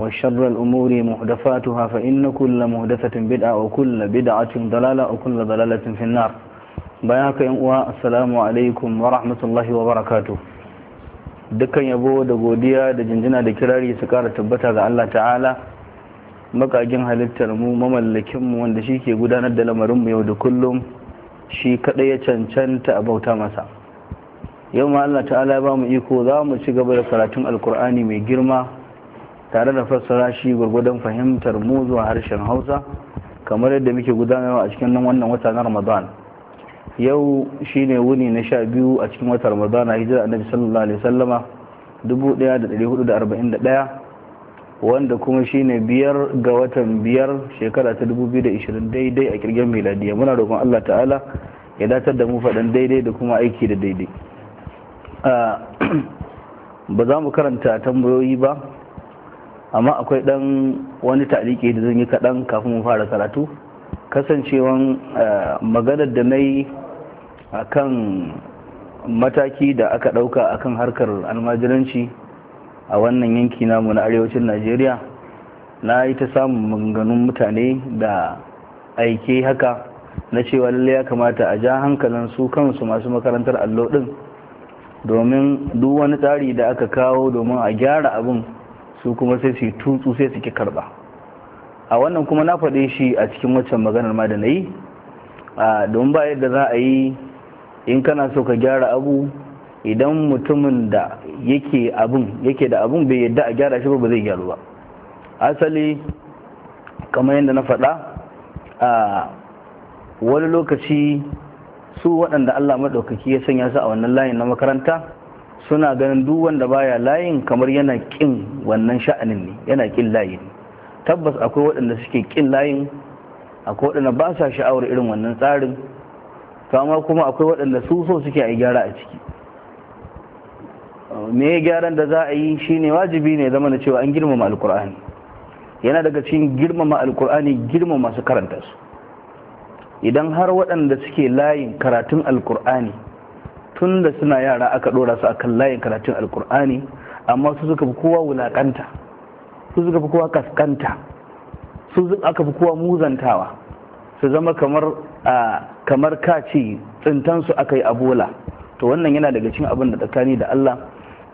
وشر الأمور محدثاتها فإن كل محدثة بدعة وكل بدعة ضلالة وكل ضلالة في النار بياك ينقوى السلام عليكم ورحمة الله وبركاته dukkan yabo da godiya da jinjina da kirari su kara tabbata ga Allah ta'ala makagin halittar mu mamallakin mu wanda shi ke gudanar da lamarin mu yau da kullum shi kaɗai ya cancanta a bauta masa yau ma Allah ta'ala ya bamu iko za mu ci gaba da karatun alkur'ani mai girma tare da fassara shi gwargwadon fahimtar mu zuwa harshen hausa kamar yadda muke gudanarwa a cikin wannan wata na ramadan yau shine wuni na sha biyu a cikin wata ramadan a hijira annabi sallallahu alaihi wasallama 1441 wanda kuma shi ne biyar ga watan biyar shekara ta 2020 daidai a kirgin miladiya muna roƙon allah ta'ala ya datar da mu faɗin daidai da kuma aiki da daidai ah, ba za mu karanta tambayoyi ba amma akwai dan wani taliki da zan yi kaɗan kafin mu fara karatu kasancewan eh, maganar da na yi a kan mataki da aka ɗauka a kan harkar almajiranci a wannan yanki namu na arewacin najeriya na yi ta samun maganganun mutane da aike haka na cewa lallai ya kamata a ja hankalin su kansu masu makarantar allo ɗin domin duk wani tsari da aka kawo domin a gyara abin su kuma sai su yi tutsu sai su ki karba a wannan kuma na faɗe shi a cikin waccan maganar ma da na yi don ba yadda za a yi in kana so ka gyara abu idan mutumin da yake abun yake da abun bai yadda a gyara shi ba zai gyaru ba asali kamar yadda na faɗa a wani lokaci su waɗanda allah maɗaukaki ya sanya su a wannan layin na makaranta suna ganin duk wanda baya layin kamar yana kin wannan sha'anin ne yana kin layin tabbas akwai waɗanda suke kin layin akwai waɗanda ba sa sha'awar irin wannan tsarin to kuma akwai waɗanda su so suke a yi gyara a ciki me gyaran da za a yi shine wajibi ne zama na cewa an girmama alkur'ani yana daga cikin girmama alkur'ani girmama su karanta su idan har waɗanda suke layin karatun alkur'ani tun da suna yara aka dora su akan layin karatun alkur'ani amma su suka fi kowa wulakanta su suka fi kowa kaskanta su aka fi kowa muzantawa su zama kamar kamar kaci tsintansu aka yi abola to wannan yana daga cikin abin da tsakani da Allah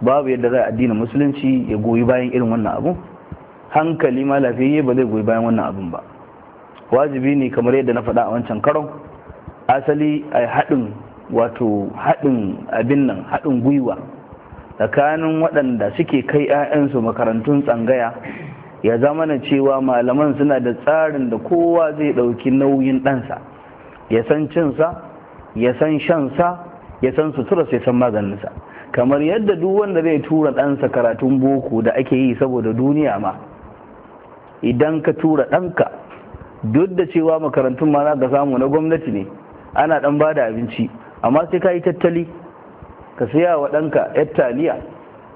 babu yadda za addinin musulunci ya goyi bayan irin wannan abu hankali ma lafiyayye ba zai goyi bayan wannan abin ba wajibi ne kamar yadda na faɗa a wancan karon asali a haɗin wato haɗin abin nan haɗin gwiwa tsakanin waɗanda suke kai 'ya'yansu makarantun tsangaya ya zama na cewa malaman suna da tsarin da kowa zai ɗauki nauyin ɗansa ya san cinsa ya san shansa ya san sutura ya san maganinsa kamar yadda duk wanda zai tura ɗansa karatun boko da ake yi saboda duniya ma idan ka tura ɗanka duk da cewa makarantun ma za ka samu na gwamnati ne ana ɗan ba da abinci amma sai ka yi tattali ka saya wa ɗanka yar taliya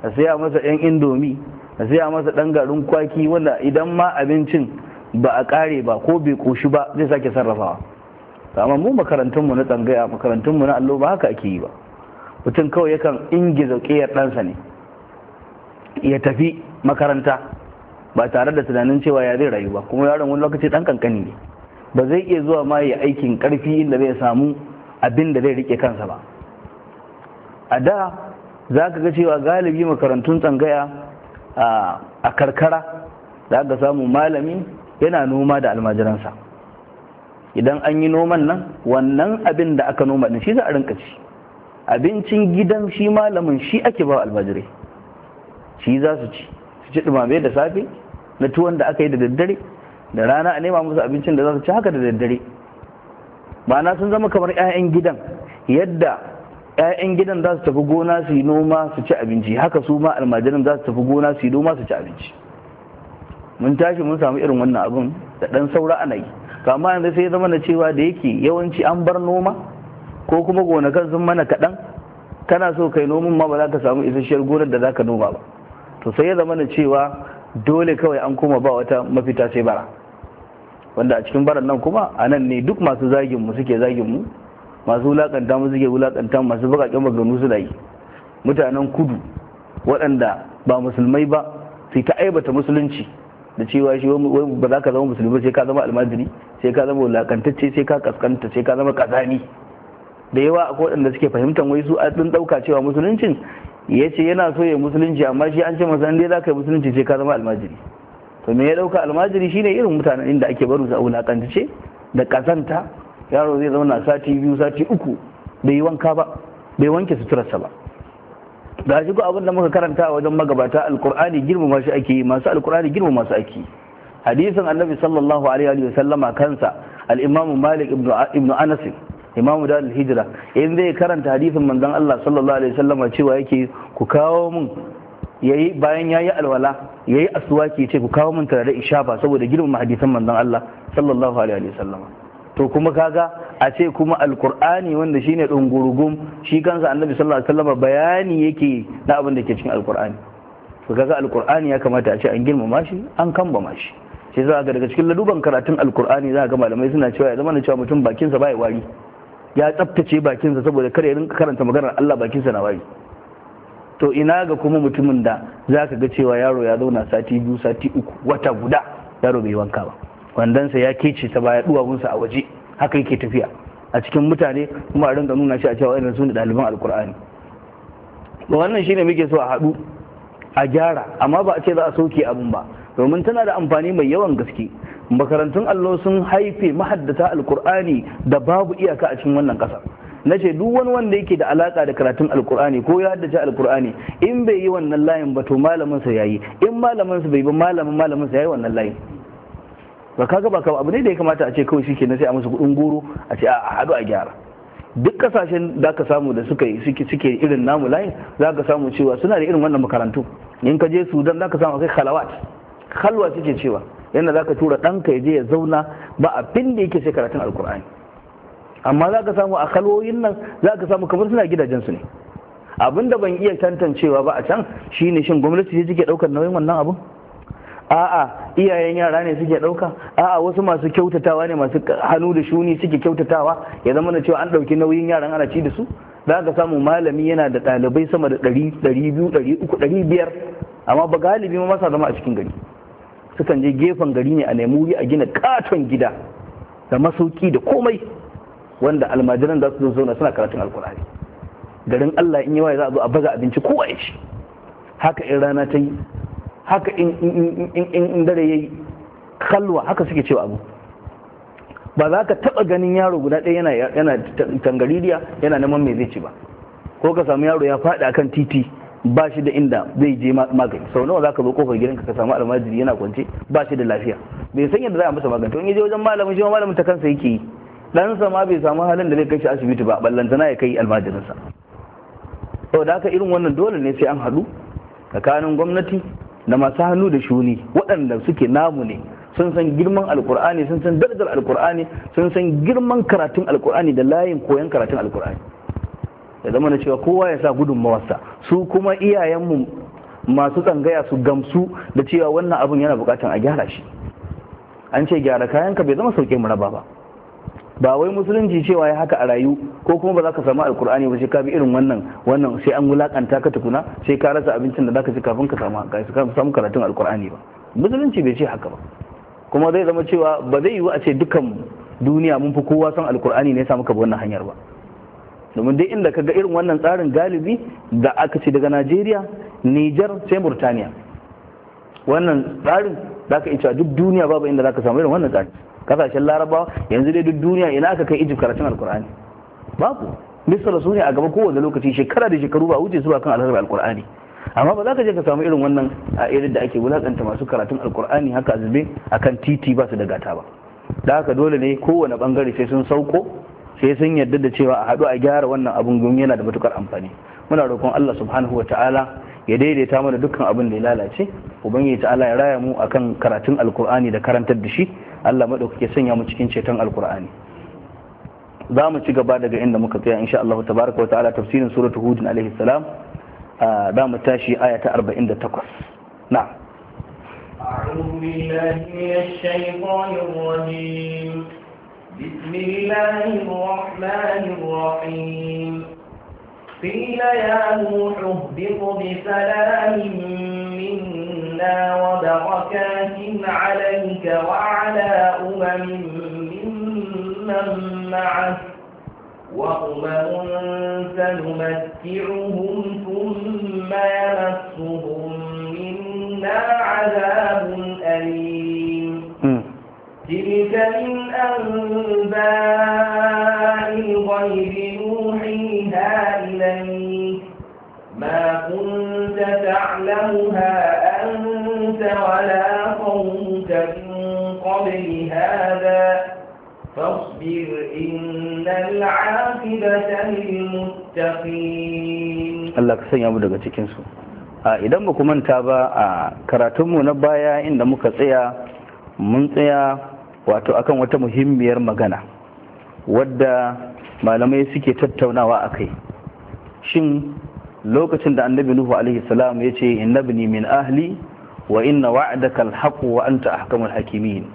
ka saya masa yan indomi ka saya masa ɗan garin kwaki wanda idan ma abincin ba a ƙare ba ko bai ƙoshi ba zai sake sarrafawa amma mu makarantunmu na tsangaya makarantunmu na allo ba haka ake yi ba mutum kawai yakan ingiza ƙiyar ɗansa ne ya tafi makaranta ba tare da tunanin cewa ya zai rayu ba kuma yaron wani lokaci ɗan ƙanƙani ne ba zai iya zuwa ma ya aikin ƙarfi inda zai samu abin da zai rike kansa ba a da za ka ga cewa galibi makarantun tsangaya a karkara za ka samu malami yana noma da almajiransa idan an yi noman nan wannan abin da aka noma din shi za a rinka ci abincin gidan shi malamin shi ake ba almajirai shi za su ci su ci dumame da safe na tuwon da aka yi da daddare da rana a nema musu abincin da za su ci haka da daddare ma'ana sun zama kamar 'ya'yan gidan yadda 'ya'yan gidan za su tafi gona su yi noma su ci abinci haka su ma almajiran za su tafi gona su yi noma su ci abinci mun tashi mun samu irin wannan abun da ɗan saura ana yi kama yanzu sai zama na cewa da yake yawanci an bar noma ko kuma gonakan sun mana kaɗan kana so kai noman ma ba za ka samu isasshiyar gonar da za ka noma ba to sai ya zama na cewa dole kawai an koma ba wata mafita sai bara wanda a cikin baran nan kuma a nan ne duk masu zagin mu suke zagin mu masu wulakanta mu suke wulakanta masu bakakken maganu suna yi mutanen kudu waɗanda ba musulmai ba sai ta aibata musulunci da cewa shi ba za ka zama musulmi sai ka zama almajiri sai ka zama wulakantacce sai ka kaskanta sai ka zama kazani da yawa akwai waɗanda suke fahimtar wai su ɗin ɗauka cewa musuluncin ya ce yana so ya musulunci amma shi an ce masa dai za ka yi musulunci sai ka zama almajiri to me ya dauka almajiri shine irin mutanen inda ake baro su a wulakantace da kazanta yaro zai zauna sati biyu sati uku bai wanka ba bai wanke suturarsa ba ga shi abin da muka karanta wajen magabata alkur'ani girmama shi ake yi masu alkur'ani girmama su ake yi hadisin annabi sallallahu alaihi wa sallama kansa al-imam malik ibn anas imam da al-hijra in zai karanta hadisin manzon Allah sallallahu alaihi wa sallama cewa yake ku kawo mun yayi bayan yayi alwala yayi aswaki ya ce ku kawo min turare in shafa saboda girmama hadisan manzon Allah sallallahu alaihi sallam to kuma kaga a ce kuma alkur'ani wanda shine dungurugum shi kansa annabi sallallahu alaihi sallam bayani yake na abin da ke cikin alkur'ani to kaga alqur'ani ya kamata a ce an girmama shi an kambama shi sai za ga daga cikin laduban karatun alqur'ani za ga malamai suna cewa ya zama na cewa mutum bakinsa bai wari ya tsaftace bakinsa saboda kare rinka karanta maganar Allah bakinsa na wari to ina ga kuma mutumin da za ka ga cewa yaro ya zauna sati biyu sati uku wata guda yaro bai wanka ba wandansa ya kece ta baya duwawunsa a waje haka yake tafiya a cikin mutane kuma a rinka nuna shi a cewa irin su ne ɗaliban alkur'ani ba wannan shine muke so a haɗu a gyara amma ba a ce za a sauke abin ba domin tana da amfani mai yawan gaske makarantun allo sun haife mahaddata alkur'ani da babu iyaka a cikin wannan ƙasar na ce duk wani wanda yake da alaka da karatun alkur'ani ko ya haddace alkur'ani in bai yi wannan layin ba to malamin sa yayi in malamin sa bai ba malamin malamin sa yayi wannan layin ba kaga ba abu ne da ya kamata a ce kawai shike na sai a musu kudin goro a ce a hadu a gyara duk kasashen da ka samu da suka suke suke irin namu layin za ka samu cewa suna da irin wannan makarantu in ka je sudan za ka samu akai khalawat khalwa suke cewa yana za ka tura ɗanka ya je ya zauna ba abin da yake sai karatun alkur'ani amma za ka samu a kalwoyin nan za ka samu kamar suna gidajensu ne abin da ban iya tantancewa ba a can shine shin gwamnati ce take daukar nauyin wannan abun? a'a iyayen yara ne suke ɗauka a'a wasu masu kyautatawa ne masu hannu da shuni suke kyautatawa ya zama da cewa an ɗauki nauyin yaran ana ci da su za ka samu malami yana da ɗalibai sama da ɗari ɗari biyu biyar amma ba galibi ma masa zama a cikin gari sukan je gefen gari ne a nemi wuri a gina katon gida da masauki da komai wanda almajiran za su zo zauna suna karatun alkur'ani garin Allah in waye za a zo a baza abinci ko a ci haka in rana ta yi haka in dare ya yi kalwa haka suke cewa abu ba za ka taba ganin yaro guda ɗaya yana yana tangaririya yana neman mai zai ci ba ko ka samu yaro ya faɗi akan titi ba shi da inda zai je magani sau nawa za ka zo kofar gidanka ka samu almajiri yana kwance ba shi da lafiya bai san yadda za a masa magani to in ya je wajen malamin shi malamin ta kansa yake yi ɗansa ma bai samu halin da zai kai shi asibiti ba ballantana ya kai almajirinsa to da haka irin wannan dole ne sai an haɗu tsakanin gwamnati da masu hannu da shuni waɗanda suke namu ne sun san girman alkur'ani sun san darajar alkur'ani sun san girman karatun alkur'ani da layin koyan karatun alkur'ani da zama na cewa kowa ya sa gudun mawasa, su kuma iyayenmu masu tsangaya su gamsu da cewa wannan abin yana bukatan a gyara shi an ce gyara kayanka bai zama sauke mu raba ba ba wai musulunci cewa ya haka a rayu ko kuma ba za ka samu alkur'ani ba sai ka bi irin wannan wannan sai an wulakanta ka tukuna sai ka rasa abincin da za ka ci kafin ka samu karatun alkur'ani ba musulunci bai ce haka ba kuma zai zama cewa ba zai yiwu a ce dukan duniya mun fi kowa son alkur'ani ne samu ka bi wannan hanyar ba domin dai inda kaga irin wannan tsarin galibi da aka ce daga Najeriya Niger sai Murtaniya wannan tsarin zaka iya cewa duk duniya babu inda zaka samu irin wannan tsarin kasashen larabawa yanzu dai duk duniya ina aka kai Ijib karatun alkur'ani babu misra su ne a gaba kowane lokaci shekara da shekaru ba wuce su ba kan alharbi alkur'ani amma ba za ka je ka samu irin wannan a irin da ake wulakanta masu karatun alkur'ani haka a kan titi ba su da gata ba da haka dole ne kowane bangare sai sun sauko sai sun yarda da cewa a haɗu a gyara wannan abin gun yana da matukar amfani muna roƙon Allah subhanahu wa ta'ala ya daidaita mana dukkan abin da ya lalace ubangiji ta'ala ya raya mu akan karatun alkur'ani da karantar da shi Allah madaukake sanya mu cikin ceton alkur'ani za mu ci gaba daga inda muka tsaya insha Allah tabaraka wa ta'ala tafsirin suratul hud alaihi salam za mu tashi aya ta 48 na'am أعوذ بالله من الشيطان الرجيم بسم الله الرحمن الرحيم قيل يا نوح اهبط بسلام منه وبركات عليك وعلى أمم ممن معك وأمم سنمتعهم ثم يمسهم منا عذاب أليم تلك من أنباء الغيب نوحيها إليك ما كنت تعلمها أنت ولا قومك من قبل هذا فاصبر إن العاقبة للمتقين الله كسن يا مدغة تكنسو idan ba ku manta ba a karatunmu na baya inda muka tsaya mun tsaya wato akan wata muhimmiyar magana wadda malamai suke tattaunawa a kai shin lokacin da annabi nuhu alaihi salam ya ce innabni min ahli wa inna wa'daka alhaq wa anta ahkamul hakimin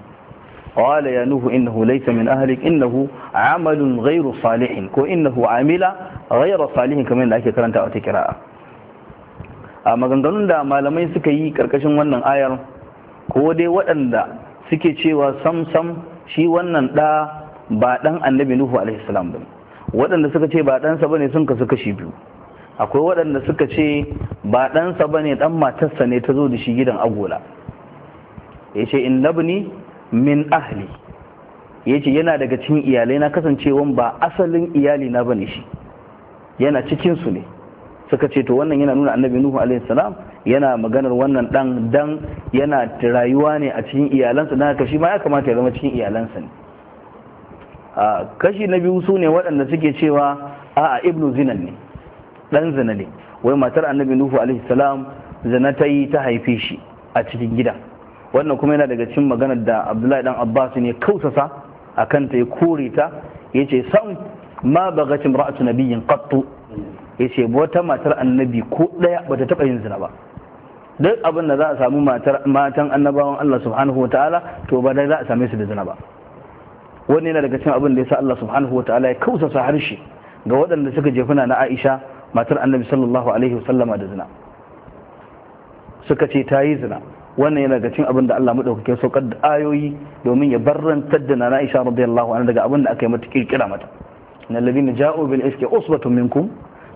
qala ya nuhu innahu laysa min ahlik innahu amalun ghayru salihin ko innahu amila ghayru salihin kamar da ake karanta a tikira a maganganun da malamai suka yi karkashin wannan ayar ko dai waɗanda suke cewa samsam shi wannan da ba dan annabi nuhu alaihi salam ba waɗanda suka ce ba ɗansa bane sun kasu kashi biyu akwai waɗanda suka ce ba ɗansa ba ne ɗan matarsa ne ta zo da shi gidan agola ya ce in labni min ahli ya ce yana daga cikin iyalai na kasancewan ba asalin iyali na bane shi yana cikinsu ne suka ce to wannan yana nuna annabi nuhu alaihi salam yana maganar wannan dan dan yana rayuwa ne a cikin iyalansa na haka ma ya kamata ya zama cikin iyalansa ne kashi na biyu su ne waɗanda suke cewa a'a ibnu zinan ne dan zina ne wai matar annabi nuhu alaihi salam zina ta yi ta haife shi a cikin gida wannan kuma yana daga cikin maganar da abdullahi dan abbas ne kausasa akan ta ya kore ta ya ce san ma bagacin ra'atu nabiyin qattu ya wata matar annabi ko daya bata taba yin zina ba duk abin da za a samu matan annabawan Allah subhanahu wa to ba dai za a same su da zina ba Wannan yana daga cikin abin da ya sa Allah subhanahu wa ya kausasa harshe ga waɗanda suka jefuna na Aisha matar annabi sallallahu alaihi wasallama da zina suka ce ta yi zina wannan yana ga cin abin da Allah madaukakin saukar da ayoyi domin ya barrantar da nana Aisha radiyallahu anha daga abin da aka yi mata kirkira mata innal ladina ja'u bil ifki usbatun minkum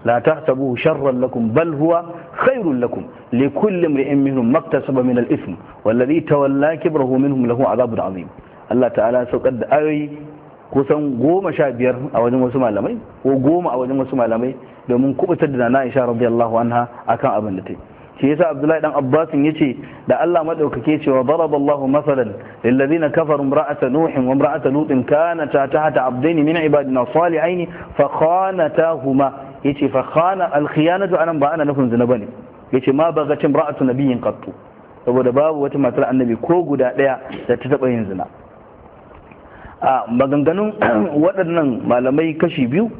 la tahsabuhu sharran lakum bal huwa khairul lakum li kulli imrin minhum maktasaba min al ithm wal ladhi tawalla kibrahu minhum lahu adhabun azim Allah ta'ala saukar da ayoyi kusan goma sha biyar a wajen wasu malamai ko goma a wajen wasu malamai domin kubutar da na Aisha radiyallahu anha akan abin da ta yi shi yasa abdullahi dan abbasin yace da Allah madaukake cewa daraballahu masalan lil ladina kafaru imra'ata nuhin wa imra'ata lutin kanata tahta abdayn min ibadina salihin fa khanatahuma yace fa khana al khiyanatu anan ba ana nufin zina bane yace ma bagat imra'atu nabiyyin qattu saboda babu wata matar annabi ko guda daya da ta taba yin zina a maganganun waɗannan malamai kashi biyu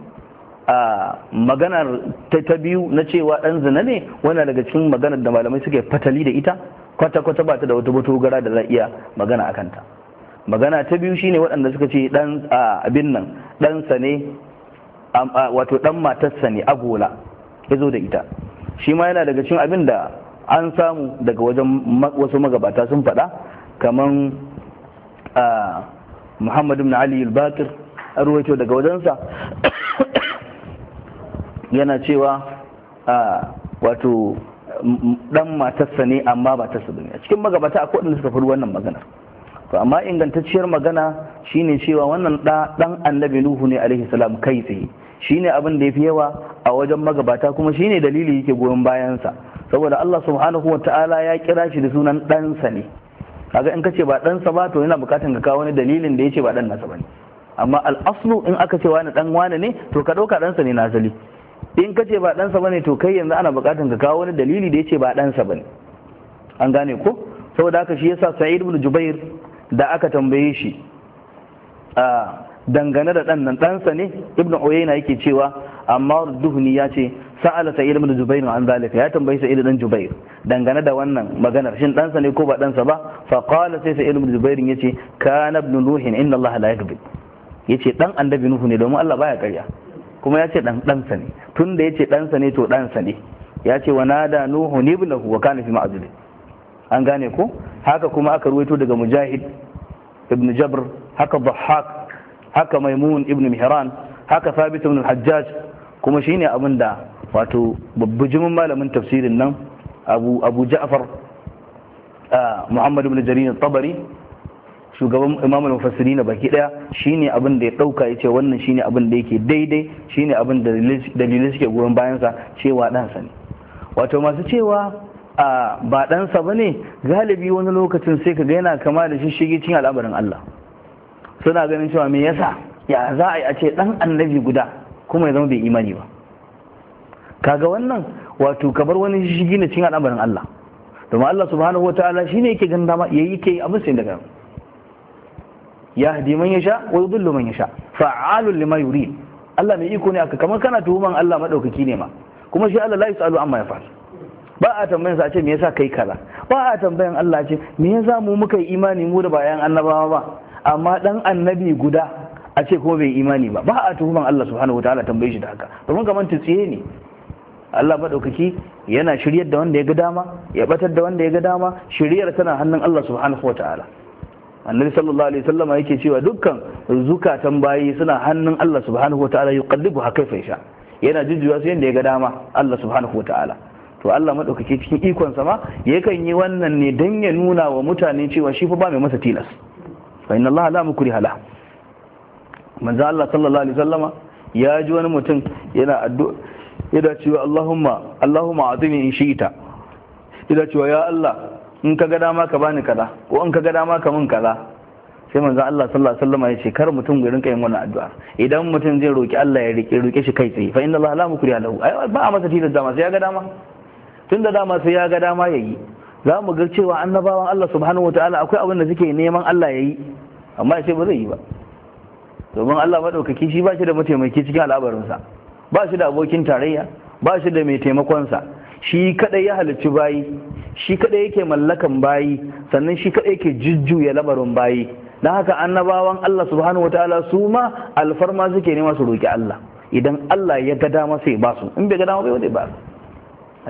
a maganar ta biyu na cewa dan zina ne wani daga cikin maganar da malamai suke fatali da ita kwata-kwata ba ta da wata gara da za iya magana a kanta magana ta biyu shine waɗanda suka ce dan abin nan ɗansa ne wato ɗan matarsa ne agola ya zo da ita shi ma yana daga cikin abin da an samu daga wajen wasu magabata sun faɗa kamar muhammad ibn ali al-bakir an daga wajensa yana cewa a wato dan matarsa ne amma ba ta ne a cikin magabata akwai waɗanda suka faru wannan magana to amma ingantacciyar magana shine cewa wannan da dan annabi nuhu ne alaihi salam kai tsaye shine abin da ya fi yawa a wajen magabata kuma shine dalili yake goyon bayansa saboda Allah subhanahu wa ta'ala ya kira shi da sunan ɗansa ne kaga in kace ba ɗansa ba to yana bukatan ka kawo wani dalilin da yace ba ɗan nasa bane amma al-aslu in aka ce wani dan wani ne to ka ɗauka ɗansa ne na in ka ce ba ɗansa ba ne to kai yanzu ana buƙatar ka kawo wani dalili da ya ce ba ɗansa ba ne an gane ko saboda haka shi yasa sa'id ibn jubair da aka tambaye shi a dangane da ɗan nan ɗansa ne ibn uyayna yake cewa amma duhni ya ce sa'ala sa'id ibn jubair an zalika ya tambayi sa'id dan jubair dangane da wannan maganar shin ɗansa ne ko ba ɗansa ba fa qala sai sa'id ibn jubair yace kana ibn nuhin inna allaha la yaghfir yace dan annabi nuhu ne domin Allah baya ƙarya kuma ya ce ɗansa ne tun da ya ce ɗansa ne to ɗansa ne ya ce wa nada nuhu ibnahu wa kana fi ma'zili an gane ko haka kuma aka ruwaito daga mujahid ibn jabr haka dhahhak haka maimun ibn mihran haka thabit ibn hajjaj kuma shine abin da wato babbujimin malamin tafsirin nan abu abu ja'far ah, muhammad ibn jarir tabari shugaban imamul na baki daya shine abin da ya dauka yace wannan shine abin da yake daidai shine abin da dalilai suke goyon bayan sa cewa dan sa ne wato masu cewa a ba dan sa bane galibi wani lokacin sai ka ga yana kama da shishigi cikin al'amarin Allah suna ganin cewa me yasa ya za a yi a ce dan annabi guda kuma ya zama bai imani ba kaga wannan wato kabar wani shishigi na cikin al'amarin Allah domin Allah subhanahu wataala shine yake ganin dama yayi yake abin sai daga yahdi man yasha wa yudillu man yasha fa'alul lima yurid Allah mai iko ne aka kamar kana tuhuman Allah madaukaki ne ma kuma shi Allah la yasalu amma ya fa'al ba a tambayan sa a ce me yasa kai kaza ba a tambayan Allah ce me yasa mu muka yi imani mu da bayan annabawa ba amma dan annabi guda a ce kuma bai imani ba ba a tuhuman Allah subhanahu wataala tambaye shi da haka domin kamar tsiye ne Allah maɗaukaki yana shiryar da wanda ya ga dama ya batar da wanda ya ga dama shiryar tana hannun Allah subhanahu wa ta'ala annabi sallallahu alaihi wasallam yake cewa dukkan zukatan bayi suna hannun Allah subhanahu wataala yuqallibu haka fa sha yana jujjuwa su yanda ya ga dama Allah subhanahu wataala to Allah madaukake cikin ikon sa ma yakan yi wannan ne dan ya nuna wa mutane cewa shi fa ba mai masa tilas fa inna Allah la mukriha hala. manzo Allah sallallahu alaihi wasallama ya ji wani mutum yana addu'a yana cewa Allahumma Allahumma atini in shi'ita yana cewa ya Allah in ka ga dama ka bani kaza ko in ka ga dama ka min kaza sai manzon Allah sallallahu alaihi wasallam ya ce kar mutum ya kai wannan addu'a idan mutum zai roki Allah ya rike roke shi kai tsaye fa inna Allah la mukri lahu ai ba a masa tilas dama sai ya ga dama tunda dama sai ya ga dama yayi za mu ga cewa annabawan Allah subhanahu wataala akwai abin da suke neman Allah yayi amma ya ba zai yi ba domin Allah madaukaki shi ba shi da mataimaki cikin al'abarinsa ba shi da abokin tarayya ba shi da mai taimakonsa shi kadai ya halicci bayi shi kadai yake mallakan bayi sannan shi kadai yake jujjuya labarin bayi don haka annabawan Allah subhanahu wataala su ma alfarma suke nema su roƙi Allah idan Allah ya ga dama sai ba su in bai ga dama bai wani ba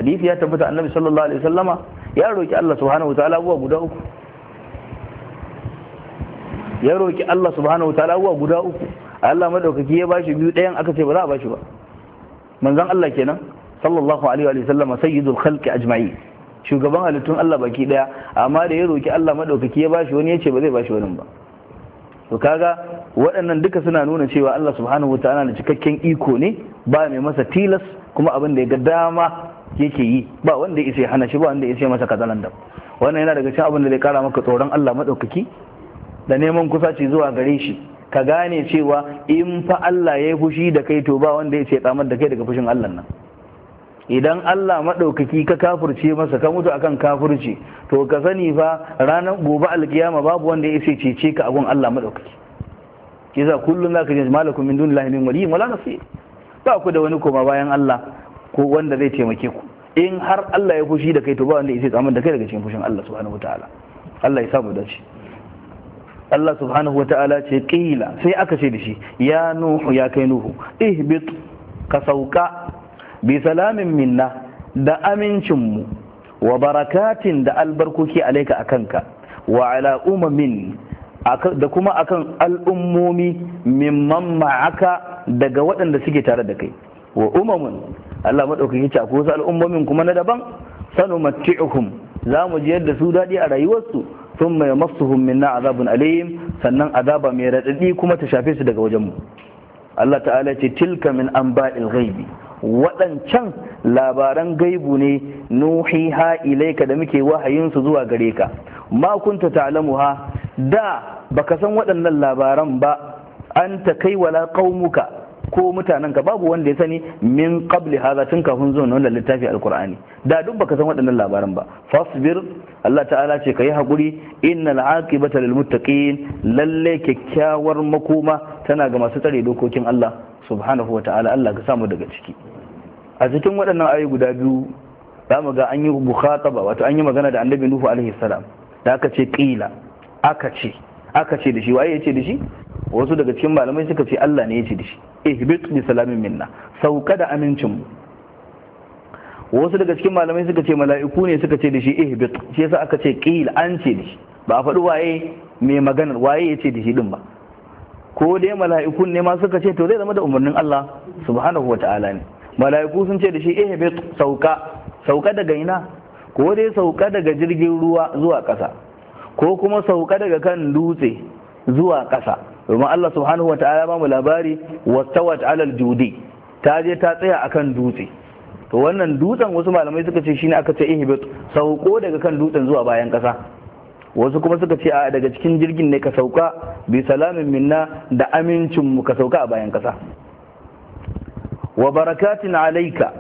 hadisi ya tabbata annabi sallallahu alaihi wasallama ya roƙi Allah subhanahu wataala abuwa guda uku ya roƙi Allah subhanahu wataala abuwa guda uku Allah madaukaki ya bashi biyu ɗayan aka ce ba za a bashi ba manzon Allah kenan sallallahu alaihi wa sallam sayyidul khalqi ajma'i shugaban halittun Allah baki daya amma da ya roki Allah madaukaki ya bashi wani yace ba zai bashi wani ba to kaga waɗannan duka suna nuna cewa Allah subhanahu wataala da cikakken iko ne ba mai masa tilas kuma abin da ya ga dama yake yi ba wanda ya isa hana shi ba wanda ya isa masa kazalan da wannan yana daga cikin abin da zai kara maka tsoron Allah madaukaki da neman kusa kusaci zuwa gare shi ka gane cewa in fa Allah ya yi fushi da kai to ba wanda ya ce tsamar da kai daga fushin Allah nan idan Allah maɗaukaki ka kafurce masa ka mutu akan kafurci to ka sani fa ranar gobe alkiyama babu wanda ya sai cece ka abun Allah maɗaukaki kisa kullum za ka ji malakum min dunillahi min waliyyin wala nasir ba ku da wani koma bayan Allah ko wanda zai taimake ku in har Allah ya fushi da kai to ba wanda ya sai tsamin da kai daga cikin fushin Allah subhanahu wataala Allah ya samu dace Allah subhanahu wataala ce qila sai aka ce da shi ya nuhu ya kai nuhu ihbit ka sauka bi salamin minna da amincinmu wa barakatin da albarkoki alaika a kanka wa ala umamin da kuma akan al'ummomi mimman ma'aka daga waɗanda suke tare da kai wa umamun Allah maɗaukaki ce akwai al'ummomin kuma na daban sanu matti'uhum za mu ji yadda su daɗi a rayuwarsu sun mai masuhun minna azabun alayhim sannan azaba mai raɗaɗi kuma ta shafe su daga wajenmu Allah ta'ala ce tilka min an ba'il ghaibi waɗancan labaran gaibu ne nuhiha ilaika da muke wahayinsu zuwa gare ka ma kunta ha da baka san waɗannan labaran ba an ta kai wala qaumuka ko mutanenka babu wanda ya sani min qabli hadha tun kafin na wannan littafi alqur'ani da duk baka san waɗannan labaran ba fasbir Allah ta'ala ce ka kai hakuri innal aqibata lil muttaqin lalle kyakkyawar makoma tana ga masu tsare dokokin Allah subhanahu wata'ala Allah ka samu daga ciki a cikin waɗannan ayi guda biyu za mu ga an yi mukhataba wato an yi magana da annabi nuhu alaihi salam da aka ce qila aka ce aka ce da shi waye yace da shi wasu daga cikin malamai suka ce Allah ne yace da shi ihbit bi salamin minna sauka da amincin mu wasu daga cikin malamai suka ce mala'iku ne suka ce da shi ihbit shi yasa aka ce qila an ce da shi ba a faɗi waye mai maganar waye yace da shi din ba ko dai mala'ikun ne ma suka ce to zai zama da umarnin Allah subhanahu wa ta'ala ne mala'iku sun ce da shi eh bai sauka sauka daga ina ko dai sauka daga jirgin ruwa zuwa ƙasa ko kuma sauka daga kan dutse zuwa ƙasa domin Allah subhanahu wa ta'ala ba mu labari wastawat alal judi ta je ta tsaya akan dutse to wannan dutsen wasu malamai suka ce shine aka ce eh, bai sauko daga kan dutsen zuwa bayan ƙasa wasu kuma suka ce a daga cikin jirgin ne ka sauka bi salamin minna da amincin mu ka sauka a bayan kasa wa barakatin alaika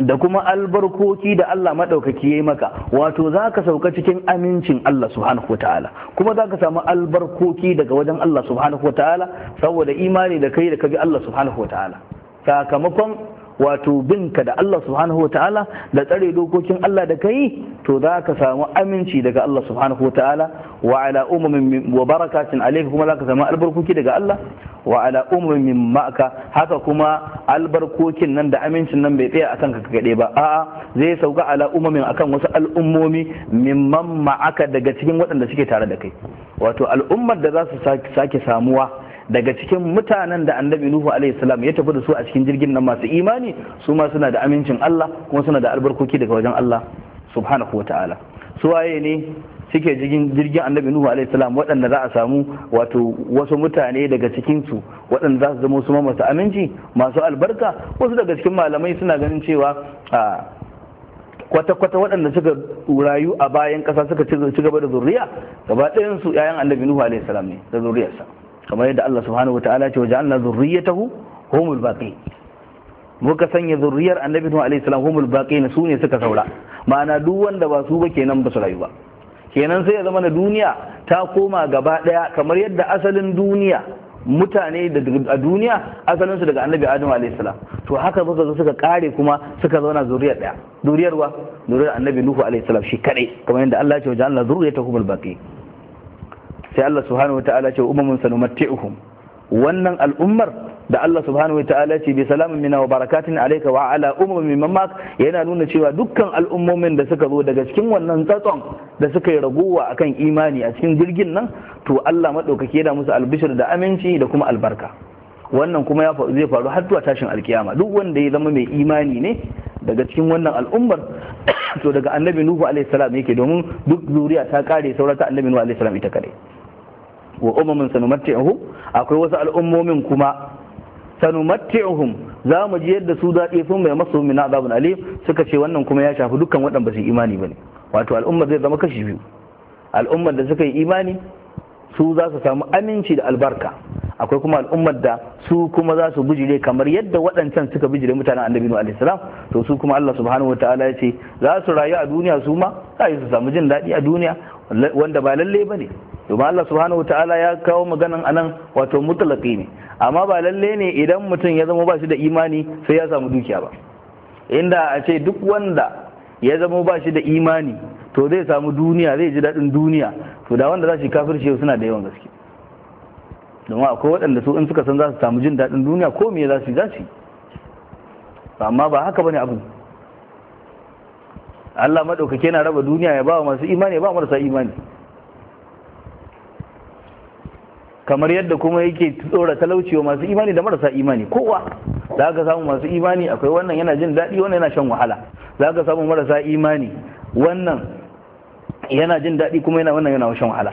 da kuma albarkoki da Allah maɗaukaki ya yi maka wato za ka sauka cikin amincin Allah subhanahu wa ta'ala kuma za ka samu albarkoki daga wajen Allah subhanahu wa ta'ala saboda imani da kai da kabi Allah subhanahu wa ta'ala sakamakon wato bin ka da Allah subhanahu wa ta'ala da tsare dokokin Allah da kai to za ka samu aminci daga Allah subhanahu wa ta'ala wa ala umumin wa barakatin alaihi kuma za ka samu albarkoki daga Allah wa ala umumin ma'aka haka kuma albarkokin nan da amincin nan bai tsaya akan ka kade ba a'a zai sauka ala umumin akan wasu al'ummomi mimman ma'aka daga cikin waɗanda suke tare da kai wato al'ummar da za su sake samuwa daga cikin mutanen da annabi nuhu alaihi salam ya tafi da su a cikin jirgin nan masu imani su ma suna da amincin Allah kuma suna da albarkoki daga wajen Allah subhanahu wataala su waye ne suke jirgin annabi nuhu alaihi salam waɗanda za a samu wato wasu mutane daga cikin su waɗanda za su zama su masu aminci masu albarka wasu daga cikin malamai suna ganin cewa a kwata-kwata waɗanda suka rayu a bayan ƙasa suka ci gaba da zuriya gaba ɗayan su 'ya'yan annabi nuhu alaihi salam ne da zuriyarsa kamar yadda Allah subhanahu ta'ala ce waja'alna zurriyatahu humul baqi muka sanya zurriyar annabi nuhu alaihi salam humul baqin su ne suka saura ma'ana duk wanda ba su ba kenan ba su rayu ba kenan sai ya zama na duniya ta koma gaba daya kamar yadda asalin duniya mutane a duniya asalinsu daga annabi adamu alaihi salam to haka suka zo suka kare kuma suka zauna zuriyar daya zuriyar wa zuriyar annabi nuhu alaihi salam shi kadai kamar yadda Allah ya ce wa ja'alna zurriyatahu humul baqi sai Allah subhanahu wataala ce umamun sanumatti'uhum wannan al'ummar da Allah subhanahu wataala ce bi salamin mina wa barakatin alayka wa ala umamin mamak yana nuna cewa dukkan al'ummomin da suka zo daga cikin wannan tsatson da suka yi raguwa akan imani a cikin jirgin nan to Allah madaukake da musu albishir da aminci da kuma albarka wannan kuma ya zai faru har zuwa tashin alkiyama duk wanda ya zama mai imani ne daga cikin wannan al'ummar to daga annabi nuhu alaihi salam yake domin duk zuriya ta kare saurata annabi nuhu alaihi salam ita kare wa umamin sanumatti'uhum akwai wasu al'ummomin kuma sanumatti'uhum za mu ji yadda su daɗi sun mai masu min azabun alim suka ce wannan kuma ya shafi dukkan waɗanda su imani bane wato al'umma zai zama kashi biyu al'ummar da suka yi imani su za su samu aminci da albarka akwai kuma al'ummar da su kuma za su bijire kamar yadda waɗancan suka bijire mutanen annabi nuhu alaihi salam to su kuma Allah subhanahu wataala ya ce za su rayu a duniya su ma za su samu jin daɗi a duniya wanda ba lalle bane domin Allah subhanahu ta'ala ya kawo maganan anan wato mutlaqi ne amma ba lalle ne idan mutum ya zama ba shi da imani sai ya samu dukiya ba inda a ce duk wanda ya zama ba shi da imani to zai samu duniya zai ji daɗin duniya to da wanda za shi kafirce suna da yawan gaske domin akwai waɗanda su in suka san za su samu jin daɗin duniya ko me za su za su amma ba haka bane abu Allah madaukake na raba duniya ya ba masu imani ya ba marasa imani kamar yadda kuma yake tsora talauci wa masu imani da marasa imani kowa za ka samu masu imani akwai wannan yana jin daɗi wannan yana shan wahala za ka samu marasa imani wannan yana jin daɗi kuma yana wannan yana shan wahala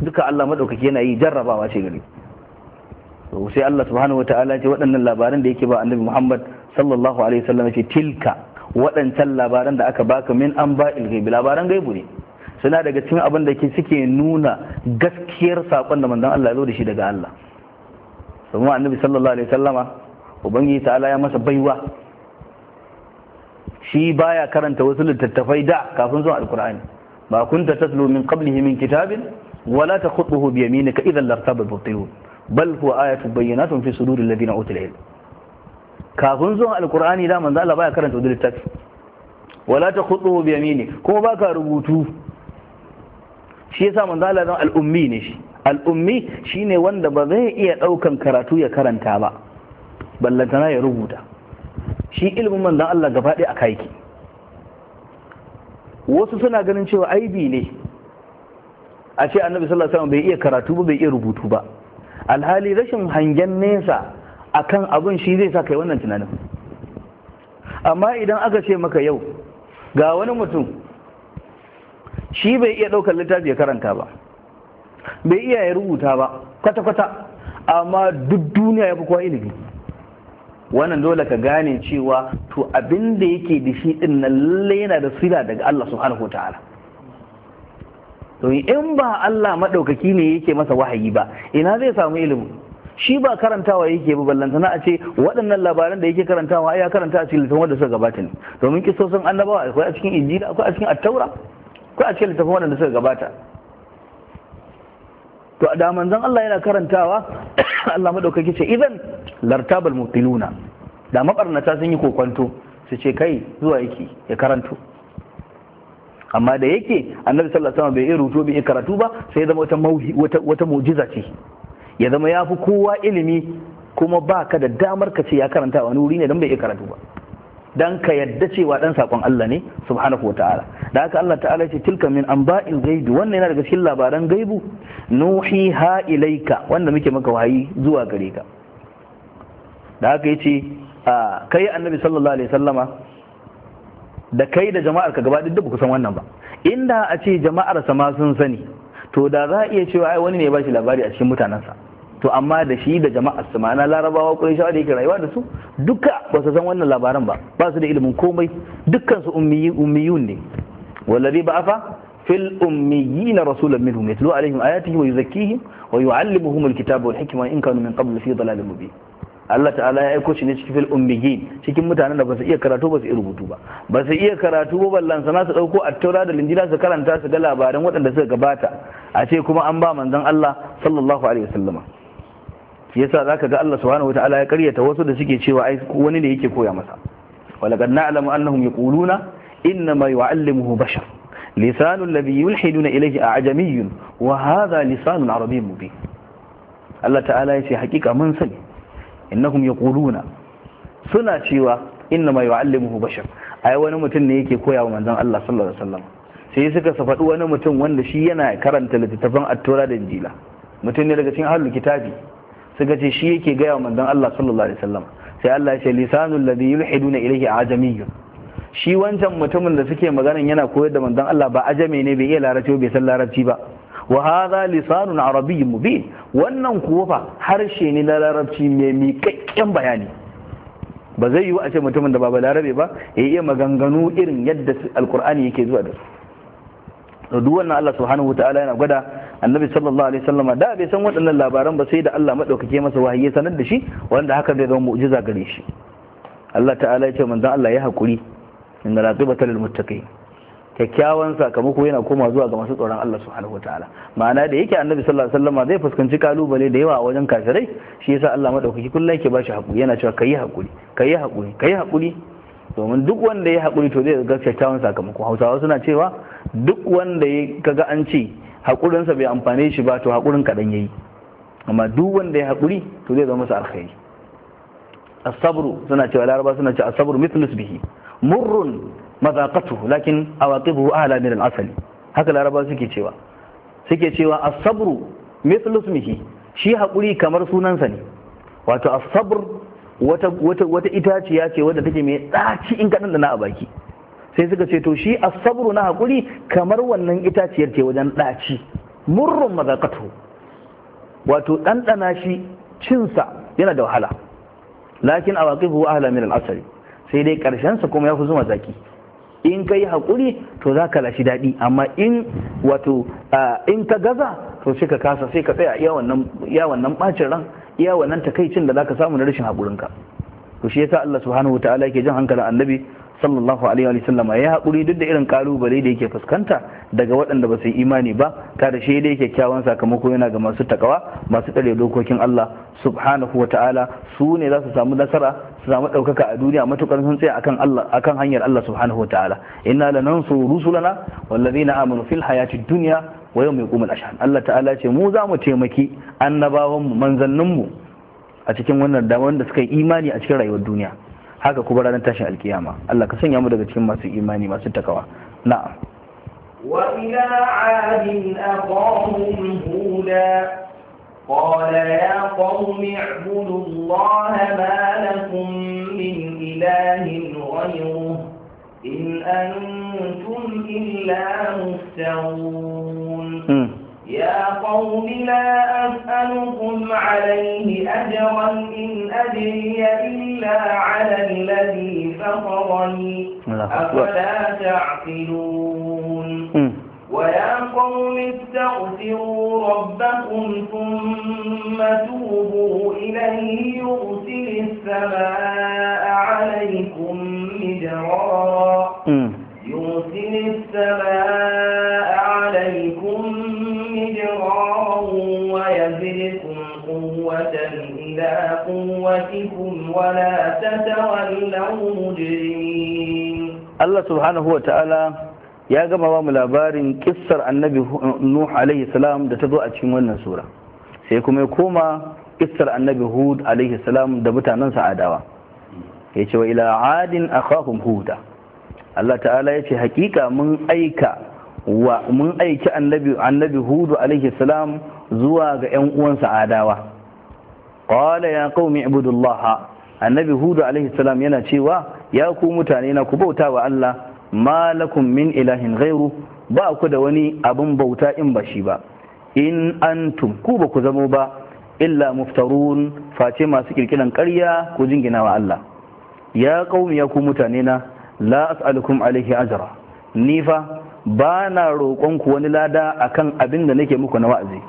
duka Allah maɗaukaki yana yi jarrabawa ce gari sai Allah subhanahu wa ta'ala ce waɗannan labaran da yake ba annabi Muhammad sallallahu alaihi wasallam ce tilka waɗancan labaran da aka baka min an ba ilgaibi labaran gaibu ne suna daga cikin abin da ke suke nuna gaskiyar saƙon da manzon Allah ya zo da shi daga Allah kuma annabi sallallahu alaihi sallama. ubangiji ta'ala ya masa baiwa shi baya karanta wasu littattafai da kafin zuwa alkur'ani ba kunta tatlu min qablihi min kitabin wala takhutuhu bi yaminika idan lartaba al-mubtilun bal huwa ayatu bayyinatun fi suduril ladina utul ilm kafin zuwa alkur'ani da manzo Allah baya karanta wasu littafi wala takhutuhu bi yaminika kuma baka rubutu shi yasa manzo Allah zan al'ummi ne shi al'ummi shine wanda ba zai iya daukan karatu ya karanta ba ballantana ya rubuta shi ilimin manzo Allah gaba ɗaya a kaiki wasu suna ganin cewa aibi ne a ce annabi sallallahu alaihi wasallam bai iya karatu ba bai iya rubutu ba alhali rashin hangen nesa akan abun shi zai sa kai wannan tunanin amma idan aka ce maka yau ga wani mutum shi bai iya ɗaukar littafi ya karanta ba bai iya ya rubuta ba kwata-kwata amma duk duniya ya fi kowa ilimi wannan dole ka gane cewa to abin da yake da shi din nan lalle yana da sila daga Allah subhanahu ta'ala to in ba Allah madaukaki ne yake masa wahayi ba ina zai samu ilimi shi ba karantawa yake ba na a ce waɗannan labaran da yake karantawa ya karanta a cikin littafin wanda suka gabata ne domin kisosin annabawa akwai a cikin injila akwai a cikin attaura ko a cikin littafin waɗanda suka gabata to da manzon Allah yana karantawa Allah madaukaki ce idan lartabal mutiluna da mabarnata sun yi kokwanto su ce kai zuwa yake ya karanto amma da yake annabi sallallahu alaihi wasallam bai rubuto bai karatu ba sai ya zama wata wata wata mu'jiza ce ya zama yafi kowa ilimi kuma baka da damar ka ce ya karanta wani wuri ne dan bai karatu ba dan ka yadda cewa dan sakon Allah ne subhanahu wa ta'ala da haka Allah ta'ala ce tilka min anba'il gaibi wannan yana daga cikin labaran gaibu ha ilaika wanda muke maka wayi zuwa gare ka da haka yace kai annabi sallallahu alaihi wasallama da kai da jama'ar ka gaba duk ku san wannan ba inda a ce jama'ar sa sun sani to da za a iya cewa ai wani ne ya bashi labari a cikin mutanensa to amma da shi da jama'ar su ma'ana larabawa qurayshawa da yake rayuwa da su duka ba su san wannan labaran ba ba su da ilimin komai dukkan su ummiyun ne wallazi ba'afa fil ummiyyin rasulan minhum yatlu alaihim ayatihi wa yuzakkihim wa yu'allimuhum alkitaba wal hikma in kanu min qabl fi dalalin mubin Allah ta'ala ya aiko shi ne cikin fil ummiyin cikin mutanen da ba su iya karatu ba su iya rubutu ba ba su iya karatu ba ballan sana su dauko attaura da linjila su karanta su ga labaran waɗanda suka gabata a ce kuma an ba manzon Allah sallallahu alaihi wasallama yasa zaka ga Allah subhanahu wataala ya karyata wasu da suke cewa ai wani ne yake koya masa walaqad na'lamu annahum yaquluna innama yu'allimuhu bashar lisanul ladhi yulhiduna ilayhi a'jamiyyun wa hadha lisanun arabiyyun mubin Allah ta'ala ya ce hakika mun sani innahum yaquluna suna cewa innama yu'allimuhu bashar ai wani mutum ne yake koya wa manzon Allah sallallahu alaihi wasallam sai suka safaɗi wani mutum wanda shi yana karanta littattafan attura da injila mutum ne daga cikin ahlul kitabi suka ce shi yake gaya wa manzon Allah sallallahu alaihi wasallam sai Allah ya ce lisanul ladhi yulhiduna ilayhi ajamiyyun shi wancan mutumin da suke maganan yana koyar da manzon Allah ba ajame ne bai iya larabci bai san larabci ba wa hadha lisanun arabiyyun mubin wannan kuwa fa harshe ne na larabci mai miƙaƙƙen bayani ba zai yi a ce mutumin da ba Larabe ba ya iya maganganu irin yadda alkur'ani yake zuwa da su duk wannan Allah subhanahu wa yana gwada annabi sallallahu alaihi wasallam da bai san waɗannan labaran ba sai da Allah madaukake masa wahayi sanar da shi wanda haka zai zama mu'jiza gare shi Allah ta'ala ya ce manzo Allah ya hakuri inna laqibata lil muttaqin kyakkyawan sakamako yana koma zuwa ga masu tsoron Allah subhanahu wataala ma'ana da yake annabi sallallahu alaihi wasallam zai fuskanci kalubale da yawa a wajen kafirai shi yasa Allah madaukaki kullum yake bashi hakuri yana cewa kai hakuri kai hakuri kai hakuri domin duk wanda ya hakuri to zai ga kyakkyawan sakamako Hausawa suna cewa duk wanda ya kaga an ce haƙurinsa bai amfane shi ba to haƙurin kaɗan ya yi, amma duk wanda ya haƙuri to zai zama masa alkhairi asabru suna cewa laraba suna cewa asabru mithlus bihi murrun mazaqatuhu lakin awaqibuhu ahla min al-asali haka laraba suke cewa suke cewa asabru mithlus bihi shi haƙuri kamar sunansa ne wato asabr wata wata wata itaciya ce wadda take mai ɗaci in kaɗan da na a baki sai suka ce to shi asabru na hakuri kamar wannan itaciyar ce wajen ɗaci murrun mazakatu wato ɗanɗana shi cinsa yana da wahala lakin a buwa ahla min al'asari sai dai ƙarshensa kuma ya fi zuma zaki in ka yi haƙuri to za ka lashi daɗi amma in wato in ka gaza to sai ka kasa sai ka tsaya iya wannan ɓacin ran iya wannan takaicin da za ka samu na rashin haƙurinka to shi yasa Allah subhanahu wa ta'ala yake jan hankalin annabi sallallahu alaihi wa sallam ya haƙuri duk da irin kalubale da yake fuskanta daga waɗanda ba su yi imani ba shi da shi dai kyakkyawan sakamako yana ga masu takawa masu tsare dokokin Allah subhanahu wa ta'ala su ne za su samu nasara su samu ɗaukaka a duniya matukar sun tsaya akan Allah akan hanyar Allah subhanahu wa ta'ala inna lanansuru rusulana wallazina amanu fil hayati dunya wa yawmi yaqumul ashhad Allah ta'ala ce mu za mu taimaki annabawan mu manzannin mu a cikin wannan da wanda suka yi imani a cikin rayuwar duniya haka kuma ranar tashin alkiyama Allah ka sanya mu daga cikin masu imani masu takawa na'am wa ila adin aqahum huda قال يا قوم اعبدوا الله ما لكم من إله غيره إن أنتم إلا يا قوم لا أسألكم عليه أجرا إن أجري إلا على الذي فطرني أفلا تعقلون ويا قوم استغفروا ربكم ثم توبوا إليه يرسل السماء عليكم مدرارا يرسل السماء عليكم إلى قوتكم ولا تتولوا مجرمين الله سبحانه وتعالى ya gama ba mu labarin kissar annabi nuh alaihi salam da ta zo a cikin wannan sura sai kuma ya koma kissar annabi hud alaihi salam da mutanen sa'adawa ya ce wa ila adin akhahum huda Allah ta'ala ya ce hakika mun aika wa mun aiki annabi annabi hud alaihi salam zuwa ga yan uwansa adawa qala ya qaumi ibudullaha annabi hudu alaihi salam yana cewa ya ku mutane na ku bauta wa Allah ma lakum min ilahin ghairu ba ku da wani abin bauta in ba shi ba in antum ku ba ku zamo ba illa muftarun face masu kirkiran ƙarya ku jingina wa Allah ya qaumi ya ku mutane na la as'alukum alaihi ajra ni fa ba na roƙon ku wani lada akan abin da nake muku na wa'azi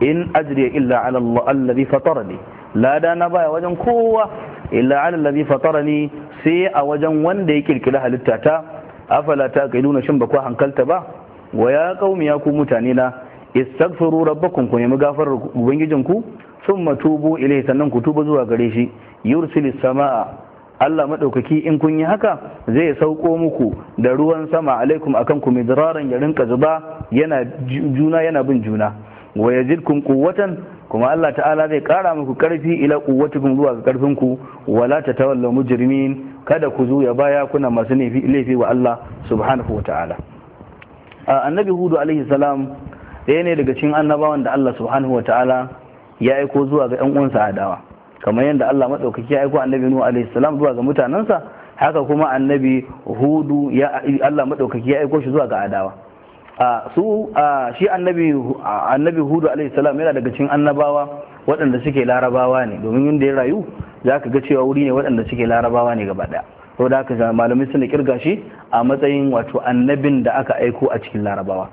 in ajriya illa ala Allah allazi fatarani lada na baya wajen kowa illa ala allazi fatarani sai a wajen wanda ya kirkiri halitta ta afala ta nuna shin ba ku hankalta ba wa ya qaumi ya ku mutane na istaghfiru rabbakum ku nemi gafarar ubangijinku thumma tubu ilayhi sannan ku tuba zuwa gare shi yursil samaa Allah maɗaukaki in kun yi haka zai sauko muku da ruwan sama alaikum akan ku midraran ya rinka zuba yana juna yana bin juna wa ku quwwatan kuma Allah ta'ala zai kara muku karfi ila quwwatikum zuwa ga karfin ku wala tatawallaw mujrimin kada ku zuya baya kuna masu laifi wa Allah subhanahu wata'ala annabi hudu alaihi salam ɗaya ne daga cikin annabawan da Allah subhanahu wata'ala ya aiko zuwa ga yan uwansa adawa kamar yadda Allah madaukaki ya aiko annabi nuhu alaihi salam zuwa ga mutanansa haka kuma annabi hudu ya Allah madaukaki ya aiko shi zuwa ga adawa su shi annabi annabi hudu alaihi salam yana daga cikin annabawa waɗanda suke larabawa ne domin yadda ya rayu za ka ga cewa wuri ne waɗanda suke larabawa ne gaba ɗaya sau da haka malamai suna kirga shi a matsayin wato annabin da aka aiko a cikin larabawa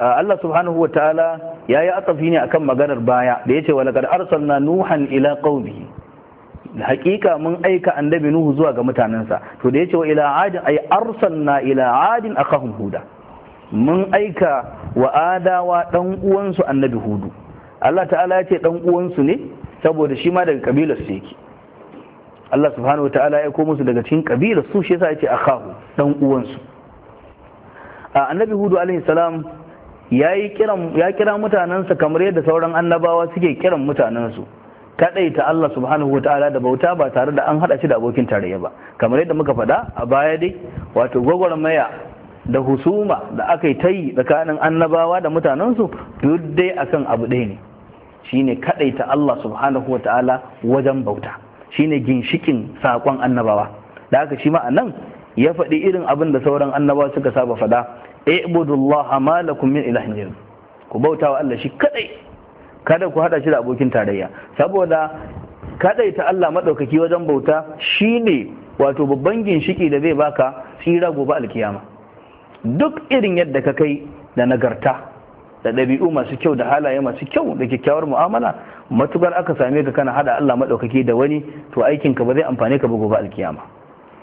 Allah subhanahu wa ta'ala ya yi ne akan maganar baya da ya ce wa laqad arsalna nuhan ila qaumihi hakika mun aika annabi nuhu zuwa ga mutanensa to da yace wa ila adin ay arsalna ila adin akahum huda mun aika wa adawa dan uwansu annabi hudu Allah ta'ala ya ce dan uwansu ne saboda shi ma daga kabilar su yake Allah subhanahu wa ta'ala ya ko musu daga cikin kabilar su shi yasa yace akahu dan uwansu a annabi hudu alaihi salam ya kira mutanansa kamar yadda sauran annabawa suke kiran mutanensu kadaita Allah subhanahu wa ta'ala da bauta ba tare da an hada shi da abokin tarayya ba kamar yadda muka fada a baya dai wato gwagwarmaya da husuma da aka yi ta yi tsakanin annabawa da mutanensu duk dai akan abu ɗaya ne shine kadaita Allah subhanahu wa ta'ala wajen bauta shine ginshikin sakon annabawa da aka shi ma nan ya faɗi irin abin da sauran annabawa suka saba faɗa ibudullaha ma lakum min ilahin ku bauta wa Allah shi kadai kada ku hada shi da abokin tarayya saboda kadaita Allah madaukaki wajen bauta shine wato babban ginshiki da zai baka tsira gobe alkiyama duk irin yadda ka kai da nagarta da ɗabi'u masu kyau da halaye masu kyau da kyakkyawar mu'amala matukar aka same ka kana hada Allah madaukaki da wani to aikin ka ba zai amfane ka ba gobe alkiyama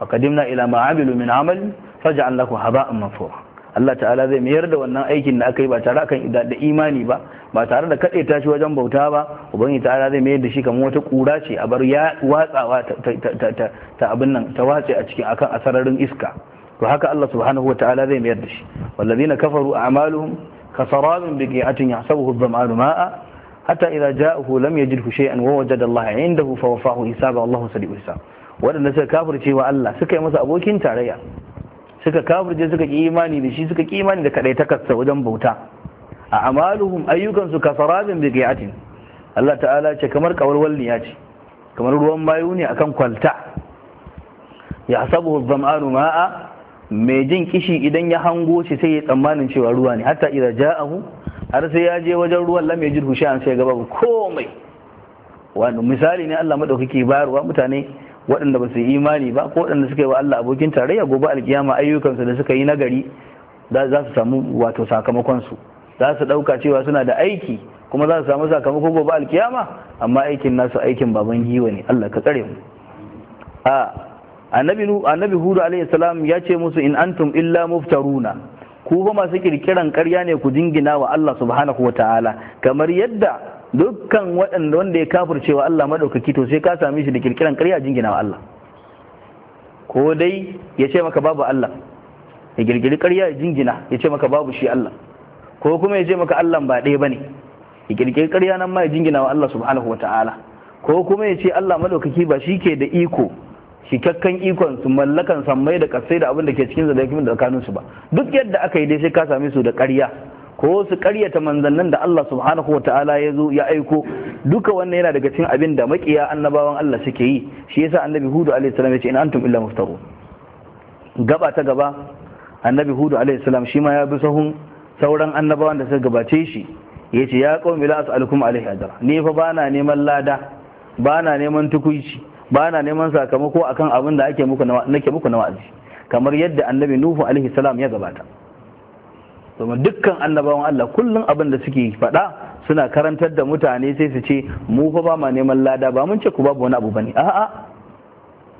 faqadimna ila ma'amilu min amal faj'al lahu haba'an mafura Allah ta'ala zai mayar da wannan aikin da aka yi ba tare akan da imani ba ba tare da kaɗe tashi wajen bauta ba ubangiji ta'ala zai mayar da shi kamar wata kura ce a bar ya watsawa ta abin nan ta watse a cikin akan asararin iska to haka Allah subhanahu wata'ala zai mayar da shi wallazina kafaru a'maluhum kasarabin biqi'atin yahsabuhu adh-dhama'anu ma'a hatta idza ja'ahu lam yajidhu shay'an wa wajada Allah 'indahu fa wafahu hisaba Allahu sadiqul hisab wadanda suka kafirce wa Allah suka yi masa abokin tarayya suka kafirce suka ki imani da shi suka ki imani da kadai takassa wajen bauta a amaluhum ayyukan su kasarabin bi qiyatin Allah ta'ala ce kamar ya ce kamar ruwan mayu ne akan kwalta ya sabu zam'anu ma'a mai jin kishi idan ya hango shi sai ya tsammanin cewa ruwa ne hatta idza ja'ahu har sai ya je wajen ruwan lam yajid hushan sai ga babu komai wani misali ne Allah madaukake bayarwa mutane waɗanda ba su yi imani ba ko waɗanda suka yi wa Allah abokin tarayya gobe alkiyama ayyukansu da suka yi nagari za su samu wato sakamakonsu. za su ɗauka cewa suna da aiki kuma za su samu sakamakon gobe alkiyama amma aikin nasu aikin baban giwa ne Allah ka tsare mu a annabi annabi hudu alaihi salam ya ce musu in antum illa muftaruna ku ba masu kirkiran ƙarya ne ku jingina wa Allah subhanahu wa ta'ala kamar yadda dukkan waɗanda wanda ya cewa Allah maɗaukaki to sai ka sami shi da kirkiran ƙarya jingina wa Allah ko dai ya ce maka babu Allah ya girgiri ƙarya ya jingina ya ce maka babu shi Allah ko kuma ya ce maka Allah ba ɗaya bane ya girgiri ƙarya nan ma ya jingina wa Allah subhanahu ta'ala. ko kuma ya ce Allah maɗaukaki ba shi ke da iko cikakken ikon su mallakan sammai da kasai da abin da ke cikin zalakin da tsakanin su ba duk yadda aka yi dai sai ka same su da ƙarya ko su karyata manzannin da Allah subhanahu wa ta'ala ya zo ya aiko duka wannan yana daga cikin abin da makiya annabawan Allah suke yi shi yasa annabi hudu alaihi salam ya ce in antum illa muftaru. gaba ta gaba annabi hudu alaihi salam shi ma ya bi sahun sauran annabawan da suka gabace shi ya ce ya qaumi la as'alukum alaihi ajra ni fa bana neman lada bana neman tukuici bana neman sakamako akan abin da ake muku nake muku na wa'azi kamar yadda annabi nuhu alaihi salam ya gabata domin dukkan annabawan Allah kullum abin da suke faɗa suna karantar da mutane sai su ce mu fa ba ma neman lada ba mun ce ku babu wani abu bane a'a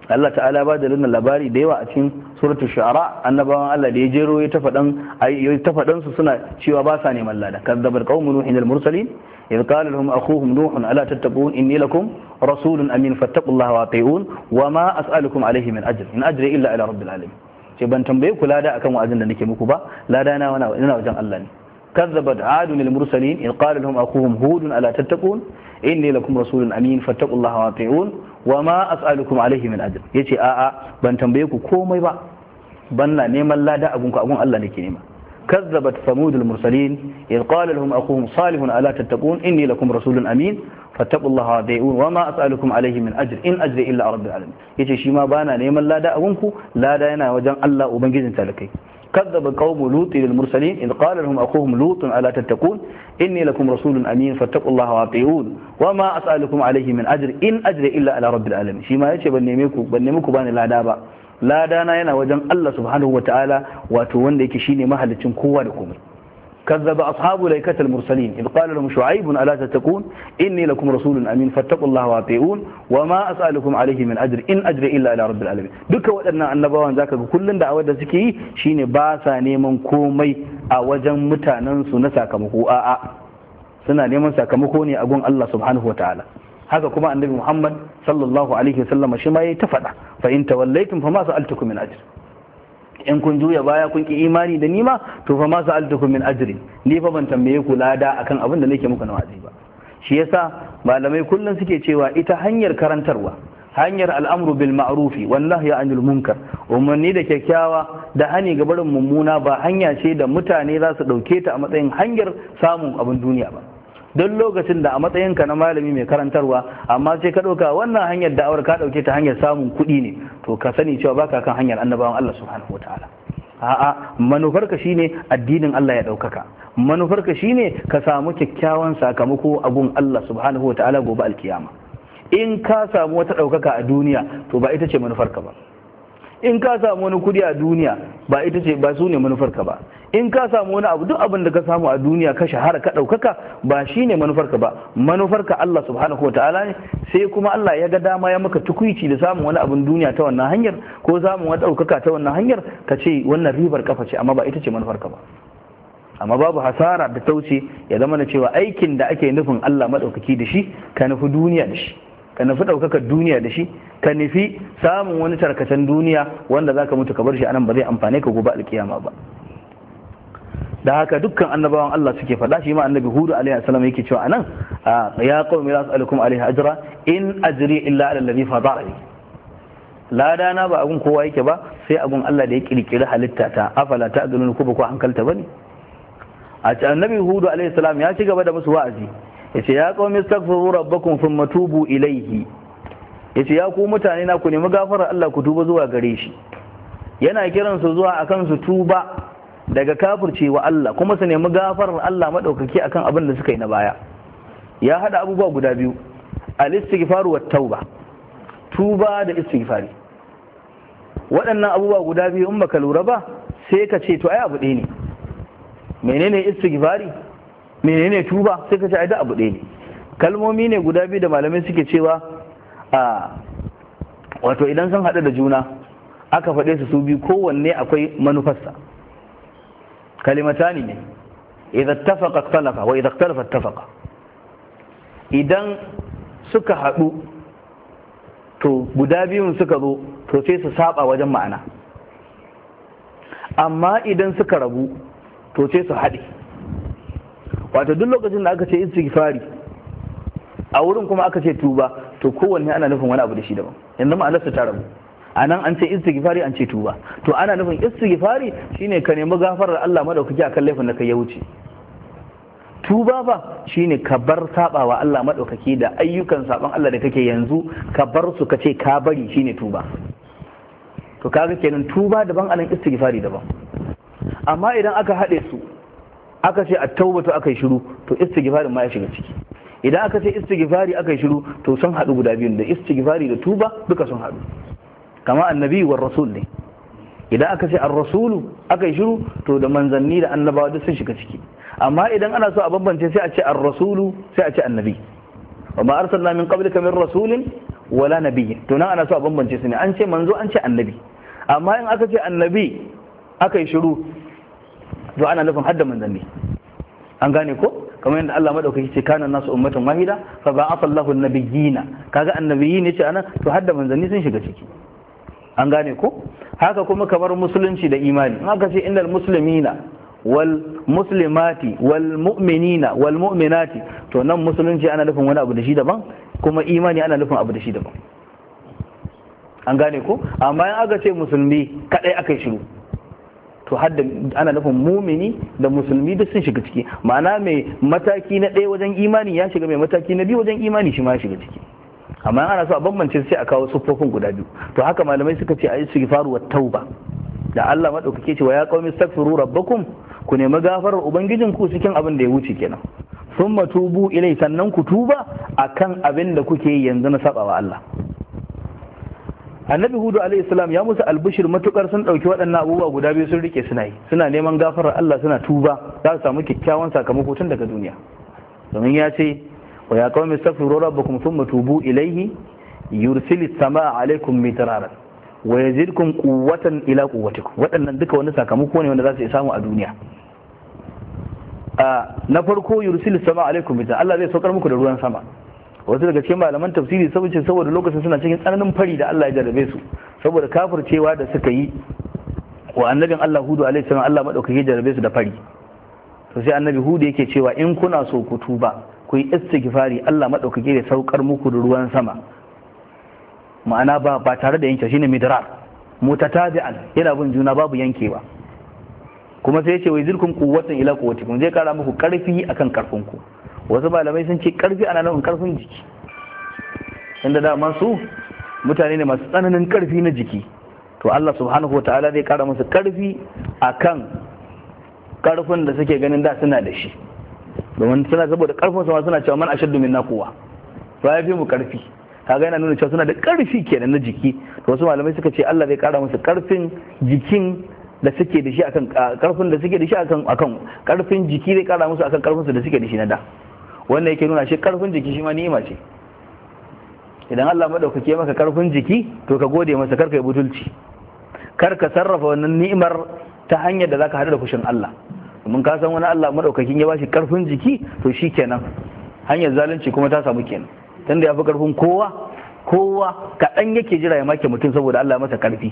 Allah ta'ala ba da lana labari da yawa a cikin suratul shu'ara annabawan Allah da ya jero ya ya ta faɗan su suna cewa ba sa neman lada kazzabar qaumun nuhin al mursalin idh qala lahum akhuhum nuhun ala tattaqun inni lakum rasulun amin fattaqullaha wa ati'un wa ma as'alukum alayhi min ajr in ajri illa ala rabbil alamin ce ban tambaye ku lada akan wa'azin da nake muku ba lada na wana ina wajen Allah ne kazzabat adun lil mursalin in qala lahum aquhum hudun ala tattaqun inni lakum rasulun amin fattaqullaha wa ati'un wa ma as'alukum alayhi min ajr yace a a ban tambaye ku komai ba ban na neman lada a gunku a gun Allah nake nema kazzabat samudul mursalin in qala lahum salihun ala tattaqun inni lakum rasulun amin fattabullaha wa bai'un wa ma as'alukum alaihi min ajr in ajri illa rabbil yace shi bana neman lada a gunku lada yana wajen Allah ubangijin talakai kadzaba qaumu lutin lil mursalin in qala lahum aqum lutun ala tattaqun inni lakum rasulun amin fattabullaha wa bai'un wa ma as'alukum alaihi min ajr in ajri illa ala rabbil yace ban neme ku bani lada ba lada na yana wajen Allah subhanahu wa ta'ala wato wanda yake shine mahallicin kowa da komai كذب أصحاب ليكة المرسلين إذ قال لهم شعيب ألا تتقون إني لكم رسول أمين فاتقوا الله وأطيعون وما أسألكم عليه من أجر إن أجر إلا إلى رب العالمين دك ودنا النبوان ذاك كل دعوة دا سكي شين باسا نيمن كومي أوجن متانن سنسا كمكو آآ سنة نيمن ساكمكو ني أقول الله سبحانه وتعالى haka kuma annabi Muhammad sallallahu alaihi wasallam shi ma yayi ta fada fa in tawallaytum fama sa'altukum min ajr in kun juya baya kun ki imani da nima to fa ma sa'altukum min ajri ni fa ban tambaye ku lada akan abin da nake muku na wa'azi ba shi yasa malamai kullum suke cewa ita hanyar karantarwa hanyar al'amru bil ma'rufi wallahi ya anil munkar umarni da kyakkyawa da hani ga barin mummuna ba hanya ce da mutane za su ɗauke ta a matsayin hanyar samun abin duniya ba don lokacin da a matsayinka na malami mai karantarwa amma sai ka ɗauka wannan hanyar da'awar ka ɗauke ta hanyar samun kuɗi ne to ka sani cewa baka kan hanyar annabawan Allah subhanahu ta'ala a'a manufarka shine addinin Allah ya ɗaukaka manufarka shine ka samu kyakkyawan sakamako a gun Allah subhanahu ta'ala gobe alkiyama in ka samu wata ɗaukaka a duniya to ba ita ce manufarka ba in ka samu wani kudi a duniya ba ita ce ba su ne manufarka ba in ka samu wani abu duk abin da ka samu a duniya ka shahara ka ɗaukaka ba shi ne manufarka ba manufarka Allah subhanahu ta'ala ne sai kuma Allah ya ga dama ya maka tukuici da samun wani abin duniya ta wannan hanyar ko samun wani ɗaukaka ta wannan hanyar ka ce wannan ribar kafa ce amma ba ita ce manufarka ba amma babu hasara da tauce ya zama na cewa aikin da ake nufin Allah maɗaukaki da shi ka nufi duniya da shi ka nufi ɗaukakar duniya da shi ka nufi samun wani tarkacen duniya wanda za ka mutu ka bar shi anan ba zai amfane ka gobe alƙiyama ba da haka dukkan annabawan Allah suke faɗa shi ma annabi hudu alaihi salam yake cewa anan ya qaumi la as'alukum alaihi ajra in ajri illa ala alladhi fadarani lada na ba abun kowa yake ba sai abun Allah da ya kirkiri halitta ta afala ta ku ba hankalta bane a annabi hudu alaihi salam ya ci gaba da musu wa'azi yace ya qaumi astaghfiru rabbakum thumma tubu ilayhi yace ya ku mutane na ku nemi gafarar Allah ku tuba zuwa gare shi yana kiran su zuwa akan su tuba daga kafirce wa Allah kuma su nemi gafarar Allah madaukaki akan abin da suka yi na baya ya hada abubuwa guda biyu al-istighfaru wat tauba tuba da istighfari waɗannan abubuwa guda biyu in baka lura ba sai ka ce to ai abu ɗaya ne menene istighfari menene tuba sai ka ce ai da abu ɗaya ne kalmomi ne guda biyu da malamai suke cewa a wato idan sun haɗu da juna aka faɗe su su biyu kowanne akwai manufarsa kalimatani ne idza ittafaqa ikhtalafa wa idza talafa ittafaqa idan suka haɗu to guda biyun suka zo to sai su saba wajen ma'ana amma idan suka rabu to sai su haɗe wato duk lokacin da aka ce istighfari a wurin kuma aka ce tuba to kowanne ana nufin wani abu da shi daban yanzu ma'anarsa ta rabu a nan an ce istighfari an ce tuba to ana nufin istighfari shine ka nemi gafarar Allah madaukaki akan laifin da kai ya wuce tuba fa shine ka bar sabawa Allah madaukaki da ayyukan saban Allah da kake yanzu ka bar su ka ce ka bari shine tuba to kaga kenan tuba daban anan istighfari daban amma idan aka haɗe su aka ce at-taubatu aka yi shiru to istighfarin ma ya shiga ciki idan aka ce istighfari aka yi shiru to sun haɗu guda biyun da istighfari da tuba duka sun haɗu kama annabi wa rasul ne idan aka ce ar-rasulu aka yi shiru to da manzanni da annabawa duk sun shiga ciki amma idan ana so a bambance sai a ce ar-rasulu sai a ce annabi wa ma arsalna min qablika min rasulin wala nabiyyin to nan ana so a bambance su ne an ce manzo an ce annabi amma in aka ce annabi aka yi shiru do ana nufin hadda manzanni an gane ko kamar yadda Allah madaukaki ce kana nasu ummatan wahida fa ba'atha Allahu an-nabiyina kaga ne ce anan to hadda manzanni sun shiga ciki an gane ko haka kuma kamar musulunci da imani in aka ce innal muslimina wal muslimati wal mu'minina wal mu'minati to nan musulunci ana nufin wani abu da shi daban kuma imani ana nufin abu da shi daban an gane ko amma in aka ce musulmi kadai aka shiru to hadda ana nufin mumini da musulmi da sun shiga ciki ma'ana mai mataki na ɗaya wajen imani ya shiga mai mataki na biyu wajen imani shi ma ya shiga ciki amma ana so a bambance sai a kawo siffofin guda biyu to haka malamai suka ce a yi istighfaru wa tauba da Allah ce wa ya qaumi astaghfiru rabbakum ku nemi gafarar ubangijin ku cikin abin da ya wuce kenan sun matubu ilai sannan ku tuba akan abin da kuke yanzu na saba wa Allah annabi hudu alayhi salam ya musu albishir matukar sun dauki waɗannan abubuwa guda biyu sun rike suna yi suna neman gafarar Allah suna tuba za su samu kyakkyawan sakamako tun daga duniya domin ya ce wa ya qawmi astaghfiru rabbakum thumma tubu ilayhi yursilis samaa alaikum mitrara wa yazidkum quwwatan ila quwwatikum waɗannan duka wani sakamako ne wanda za su samu a duniya ah, na farko yursilis samaa alaikum mitrara Allah zai saukar muku da ruwan sama wasu daga cikin malaman tafsiri saboda saboda lokacin suna cikin tsananin fari da Allah ya jarrabe su saboda kafircewa da suka yi wa annabin Allah Hudu alaihi salam Allah madaukake jarrabe su da fari to sai annabi Hudu yake cewa in kuna so ku tuba ku yi istighfari Allah madaukake ya saukar muku da ruwan sama ma'ana ba ba tare da yanke shine midrar mutatabi'an yana bin juna babu yankewa kuma sai ya ce wai zirkum quwwatan ila quwwatikum zai kara muku karfi akan karfinku ku wasu malamai sun ce karfi ana nufin karfin jiki inda dama su mutane ne masu tsananin karfi na jiki to Allah subhanahu ta'ala zai kara musu karfi kan karfin da suke ganin da suna da shi domin suna saboda karfin su suna cewa man ashaddu minna quwwa to ya fi mu karfi kaga yana nuna cewa suna da karfi kenan na jiki to wasu malamai suka ce Allah zai kara musu karfin jikin da suke da shi akan karfin da suke da shi akan akan karfin jiki zai kara musu akan karfin su da suke da shi na da wannan yake nuna shi karfin jiki shi ma ni'ima ce idan Allah madaukake maka karfin jiki to ka gode masa karka yi butulci kar ka sarrafa wannan ni'imar ta hanyar da zaka hadu da kushin Allah domin ka san wani Allah madaukakin ya bashi karfin jiki to shi kenan, hanyar zalunci kuma ta samu kenan tunda ya fi karfin kowa kowa kaɗan yake jira ya make mutum saboda Allah masa karfi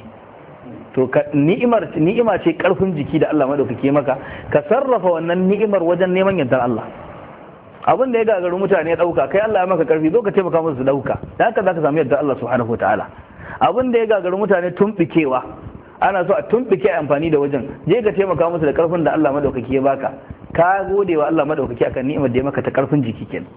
to ni'imar ni'ima ce karfin jiki da Allah madaukake maka ka sarrafa wannan ni'imar wajen neman yantar Allah abin da ya gagaru mutane ya dauka kai Allah ya maka karfi zo ka taimaka musu su dauka da haka zaka samu yadda Allah subhanahu wataala abin da ya gagaru mutane tumbikewa ana so a tumbike amfani da wajen je ka taimaka musu da karfin da Allah madaukaki ya baka ka gode wa Allah madaukaki akan ni'imar da ya maka ta karfin jiki kenan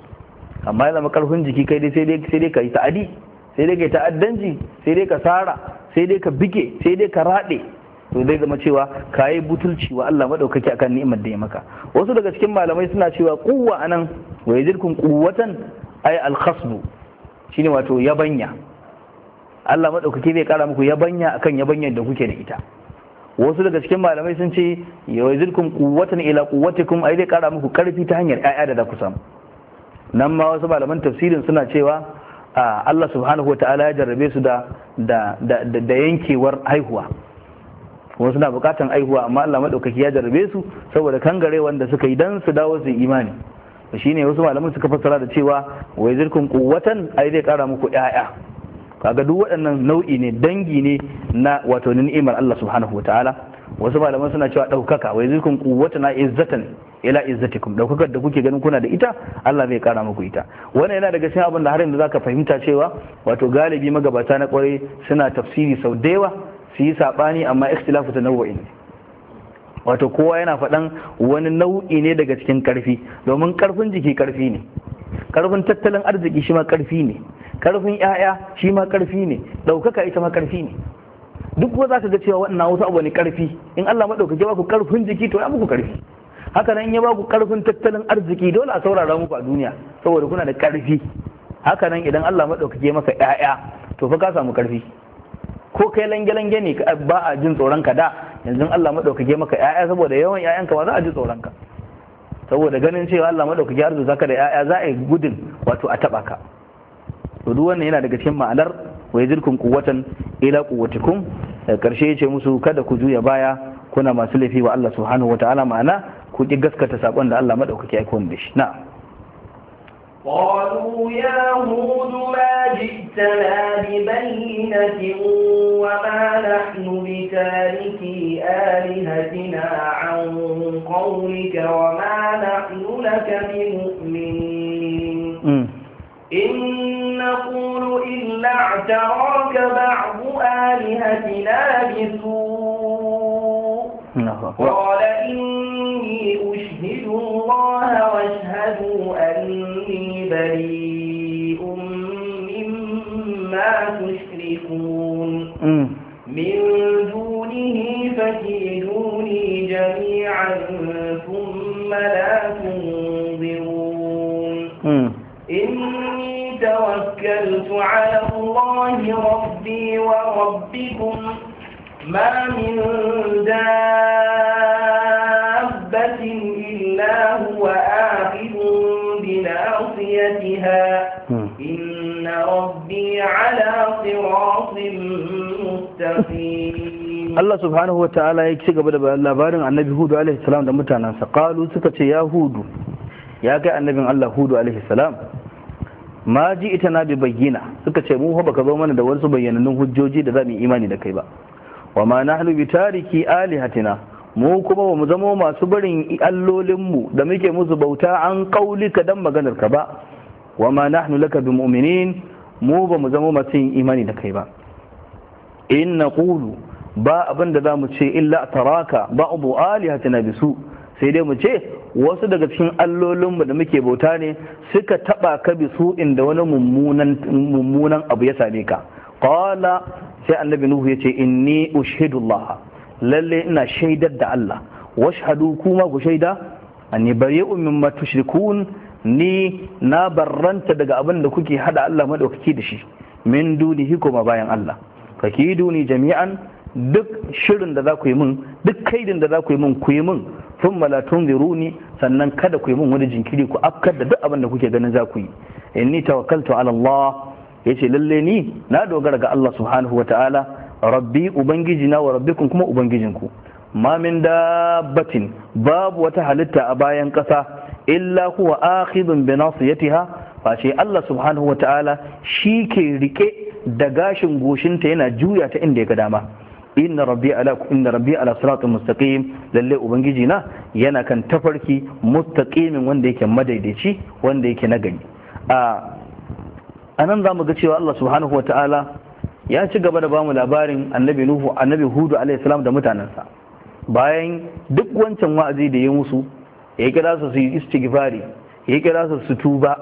amma ya zama karfin jiki kai dai sai dai sai dai ka yi ta'adi sai dai ka yi ta'addanci sai dai ka sara sai dai ka bige sai dai ka rade to zai zama cewa kayi butulci wa Allah madaukaki akan ni'imar da ya maka wasu daga cikin malamai suna cewa quwwa anan wa zirkun quwwatan ay al-khasb shine wato yabanya Allah madaukaki zai kara muku yabanya akan yabanyar da kuke da ita wasu daga cikin malamai sun ce zirkun quwwatan ila quwwatikum ay zai kara muku karfi ta hanyar ƴaƴa da za ku samu nan ma wasu malaman tafsirin suna cewa Allah subhanahu wa ta'ala ya jarrabe su da yankewar haihuwa kuma suna bukatan aihuwa amma Allah madaukaki ya jarrabe su saboda kangare wanda suka yi dan su dawo su imani shine wasu malaman suka fassara da cewa wai zirkun quwwatan ai zai kara muku yaya kaga duk waɗannan nau'i ne dangi ne na wato ni'imar Allah subhanahu wataala wasu malaman suna cewa ɗaukaka wai zirkun quwwatan na izzatan ila izzatikum daukakar da kuke ganin kuna da ita Allah zai kara muku ita wannan yana daga cikin abin da har yanzu zaka fahimta cewa wato galibi magabata na kwarai suna tafsiri sau da yawa su yi saɓani amma ikhtilafu ne? wato kowa yana faɗan wani nau'i ne daga cikin ƙarfi domin ƙarfin jiki ƙarfi ne ƙarfin tattalin arziki shi ma ƙarfi ne ƙarfin 'ya'ya shi ma ƙarfi ne ɗaukaka ita ma ƙarfi ne duk ko za ka ga cewa waɗannan wasu abu ne ƙarfi in Allah maɗaukaki ba ku ƙarfin jiki to ya muku ƙarfi haka nan ya ba ku ƙarfin tattalin arziki dole a saurara muku a duniya saboda kuna da ƙarfi haka nan idan Allah maɗaukaki maka 'ya'ya to fa ka samu ƙarfi ko kai lange-lange ne ba a jin tsoron ka da yanzu Allah madaukake maka 'ya'ya saboda yawan ƴaƴanka ba za a ji tsoron ka saboda ganin cewa Allah madaukake arzu ka da ƴaƴa za a yi gudun wato a taba ka to duk wannan yana daga cikin ma'anar wa yazilkum quwwatan ila quwwatikum karshe yace musu kada ku juya baya kuna masu laifi wa Allah subhanahu wataala ma'ana ku ki gaskata sakon da Allah madaukake ya aika da shi na'am قالوا يا هود ما جئتنا ببينة وما نحن بتاركي آلهتنا عن قولك وما نحن لك بمؤمنين إن نقول إلا اعتراك بعض آلهتنا بسوء قال إني أشهد الله واشهدوا أن بريء مما تشركون من دونه فكيدوني جميعا ثم لا تنظرون إني توكلت على الله ربي وربكم ما من دابة إلا هو آخر ناصيتها إن ربي على صراط مستقيم Allah subhanahu wa ta'ala ya ci gaba da labarin annabi Hudu alaihi salam da mutanensa qalu suka ce ya Hudu ya kai annabin Allah Hudu alaihi salam ma ji ita na bi bayyana suka ce mu baka zo mana da wasu bayyanannun hujjoji da za mu imani da kai ba wa ma nahnu bi tariki alihatina mu kuma ba mu zamo masu barin allolinmu da muke musu bauta an kaulika dan maganar ka ba wa ma nahnu laka bi mu'minin mu ba mu zamo masu yin imani da kai ba in naqulu ba abinda da mu ce illa taraka ba abu alihatina bisu sai dai mu ce wasu daga cikin allolinmu da muke bauta ne suka taba ka bi su inda wani mummunan abu ya same ka qala sai annabi nuhu yace inni ushhidullah lalle ina shaidar da Allah washhadu kuma ku shaida anni bari'un mimma tushrikun ni na barranta daga abin da kuke hada Allah madaukaki da shi min dunihi kuma bayan Allah duni jami'an duk shirin da za ku yi min duk kaidin da za ku yi min ku yi min sun malatun ziruni sannan kada ku yi min wani jinkiri ku afkar da duk abin da kuke ganin za ku yi inni tawakkaltu ala Allah yace lalle ni na dogara ga Allah subhanahu wataala rabbi ubangiji na wa rabbikum kuma ubangijinku ma min dabbatin babu wata halitta a bayan ƙasa illa huwa akhidun bi nasiyatiha fa shi Allah subhanahu wataala shi ke rike da gashin goshinta yana juya ta inda ya ga dama inna rabbi ala inna rabbi ala siratin mustaqim lalle ubangiji na yana kan tafarki mustaqimin wanda yake madaidaici wanda yake na gani a anan zamu ga cewa Allah subhanahu wataala ya ci gaba da bamu labarin annabi nuhu annabi hudu alaihi salam da mutanensa bayan duk wancan wa'azi da ya musu ya kira su su yi istighfari ya kira su su tuba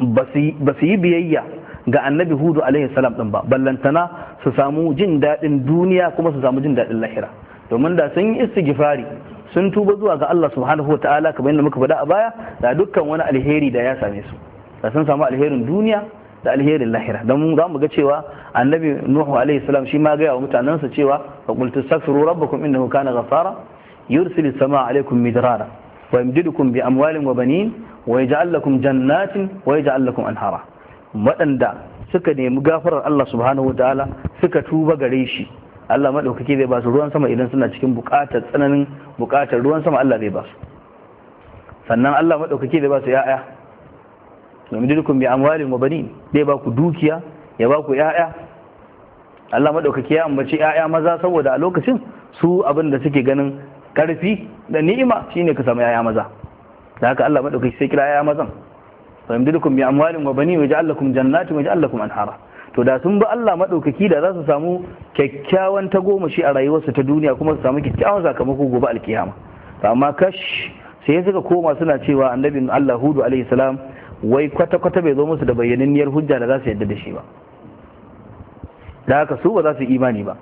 ba su yi biyayya ga annabi hudu alaihi salam din ba ballantana su samu jin daɗin duniya kuma su samu jin daɗin lahira domin da sun yi istighfari sun tuba zuwa ga Allah subhanahu wataala kamar yadda muka faɗa a baya da dukkan wani alheri da ya same su da sun samu alherin duniya da alherin lahira don za mu ga cewa annabi nuhu alaihi salam shi ma gaya wa mutanensa cewa fa qul tastaghfiru rabbakum innahu kana ghaffara yursilis samaa alaikum midrara wa yamdidukum bi amwalin wa banin wa yaj'al lakum jannatin wa yaj'al lakum anhara waɗanda suka nemi gafarar Allah subhanahu wa suka tuba gare shi Allah maɗaukaki zai ba su ruwan sama idan suna cikin buƙatar tsananin buƙatar ruwan sama Allah zai ba su sannan Allah maɗaukaki zai ba su ya'ya yumdidukum bi amwalin wa banin zai ba ku dukiya ya ba ku ƴaƴa Allah madaukaki ya ambaci ƴaƴa maza saboda a lokacin su abin da suke ganin karfi da ni'ima shine ka samu ƴaƴa maza da haka Allah madaukaki sai kira ƴaƴa mazan fa yumdidukum bi amwalin wa banin wa ja'al jannatin wa ja'al anhara to da sun bi Allah madaukaki da za su samu kyakkyawan tagomashi a rayuwarsu ta duniya kuma su samu kyakkyawan sakamako gobe alkiyama amma kash sai suka koma suna cewa annabin Allah Hudu alaihi salam wai kwata-kwata bai zo musu da bayyananniyar hujja da za su yadda da shi ba da haka su ba za su imani ba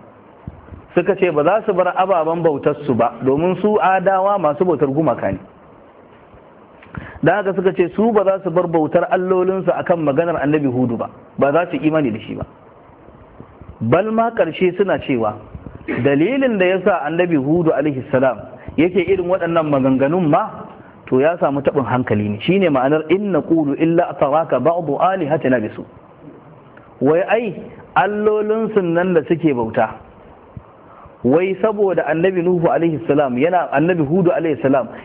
suka ce ba za su bar ababen bautarsu ba domin su adawa masu bautar gumaka ne da haka suka ce su ba za su bar bautar allolinsu akan maganar annabi hudu ba ba za su imani da shi ba bal ma ƙarshe suna cewa dalilin da ya sa annabi hudu alaihi salam yake irin waɗannan maganganun ma to ya samu taɓin hankali ne shine ma'anar in na ƙulu illa a ba ba'adu ali hata na bisu wai ai allolinsu nan da suke bauta wai saboda annabi nuhu alaihi yana annabi hudu alaihi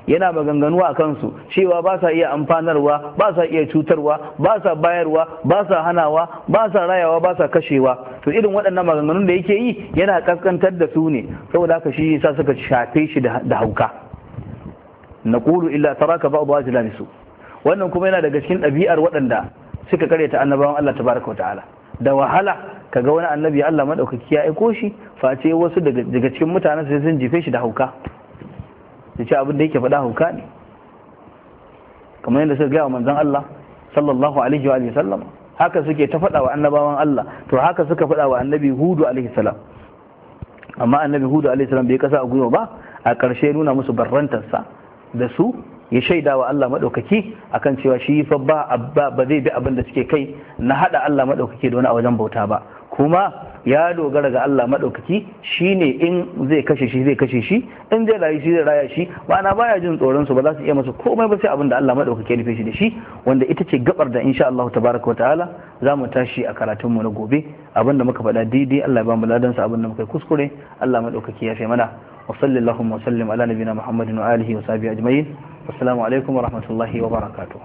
yana maganganu a kansu cewa ba sa iya amfanarwa ba sa iya cutarwa ba sa bayarwa ba sa hanawa ba sa rayawa ba sa kashewa to irin waɗannan maganganun da yake yi yana kaskantar da su ne saboda haka shi yasa suka shafe shi da hauka naqulu illa taraka ba'd ajlan su wannan kuma yana daga cikin ɗabi'ar waɗanda suka karyata annabawan Allah tabaraka wa ta'ala da wahala kaga wani annabi Allah madaukaki ya aiko shi face wasu daga cikin mutanen sai sun jife shi da hauka Ya ce abin da yake faɗa hauka ne kamar yadda suka gaya wa manzon Allah sallallahu alaihi wa sallam haka suke ta faɗa wa annabawan Allah to haka suka faɗa wa annabi Hudu alaihi salam amma annabi Hudu alaihi salam bai kasa a gwiwa ba a ƙarshe nuna musu barrantarsa da su ya shaida wa Allah maɗaukaki akan cewa shi fa ba ba zai bi abin da suke kai na haɗa Allah maɗaukaki da wani a wajen bauta ba kuma ya dogara ga Allah maɗaukaki shi ne in zai kashe shi zai kashe shi in zai rayu shi zai raya shi ma'ana baya jin tsoron su ba za su iya masa komai ba sai abin da Allah maɗaukaki ya nufe shi da shi wanda ita ce gabar da insha Allah tabaraka wa ta'ala za mu tashi a karatun mu na gobe abin da muka faɗa daidai Allah ya ba mu sa abin da muka kuskure Allah maɗaukaki ya fi mana wa sallallahu wa sallim ala nabina muhammadin wa alihi wa sahbihi ajma'in assalamu alaikum wa rahmatullahi wa barakatuh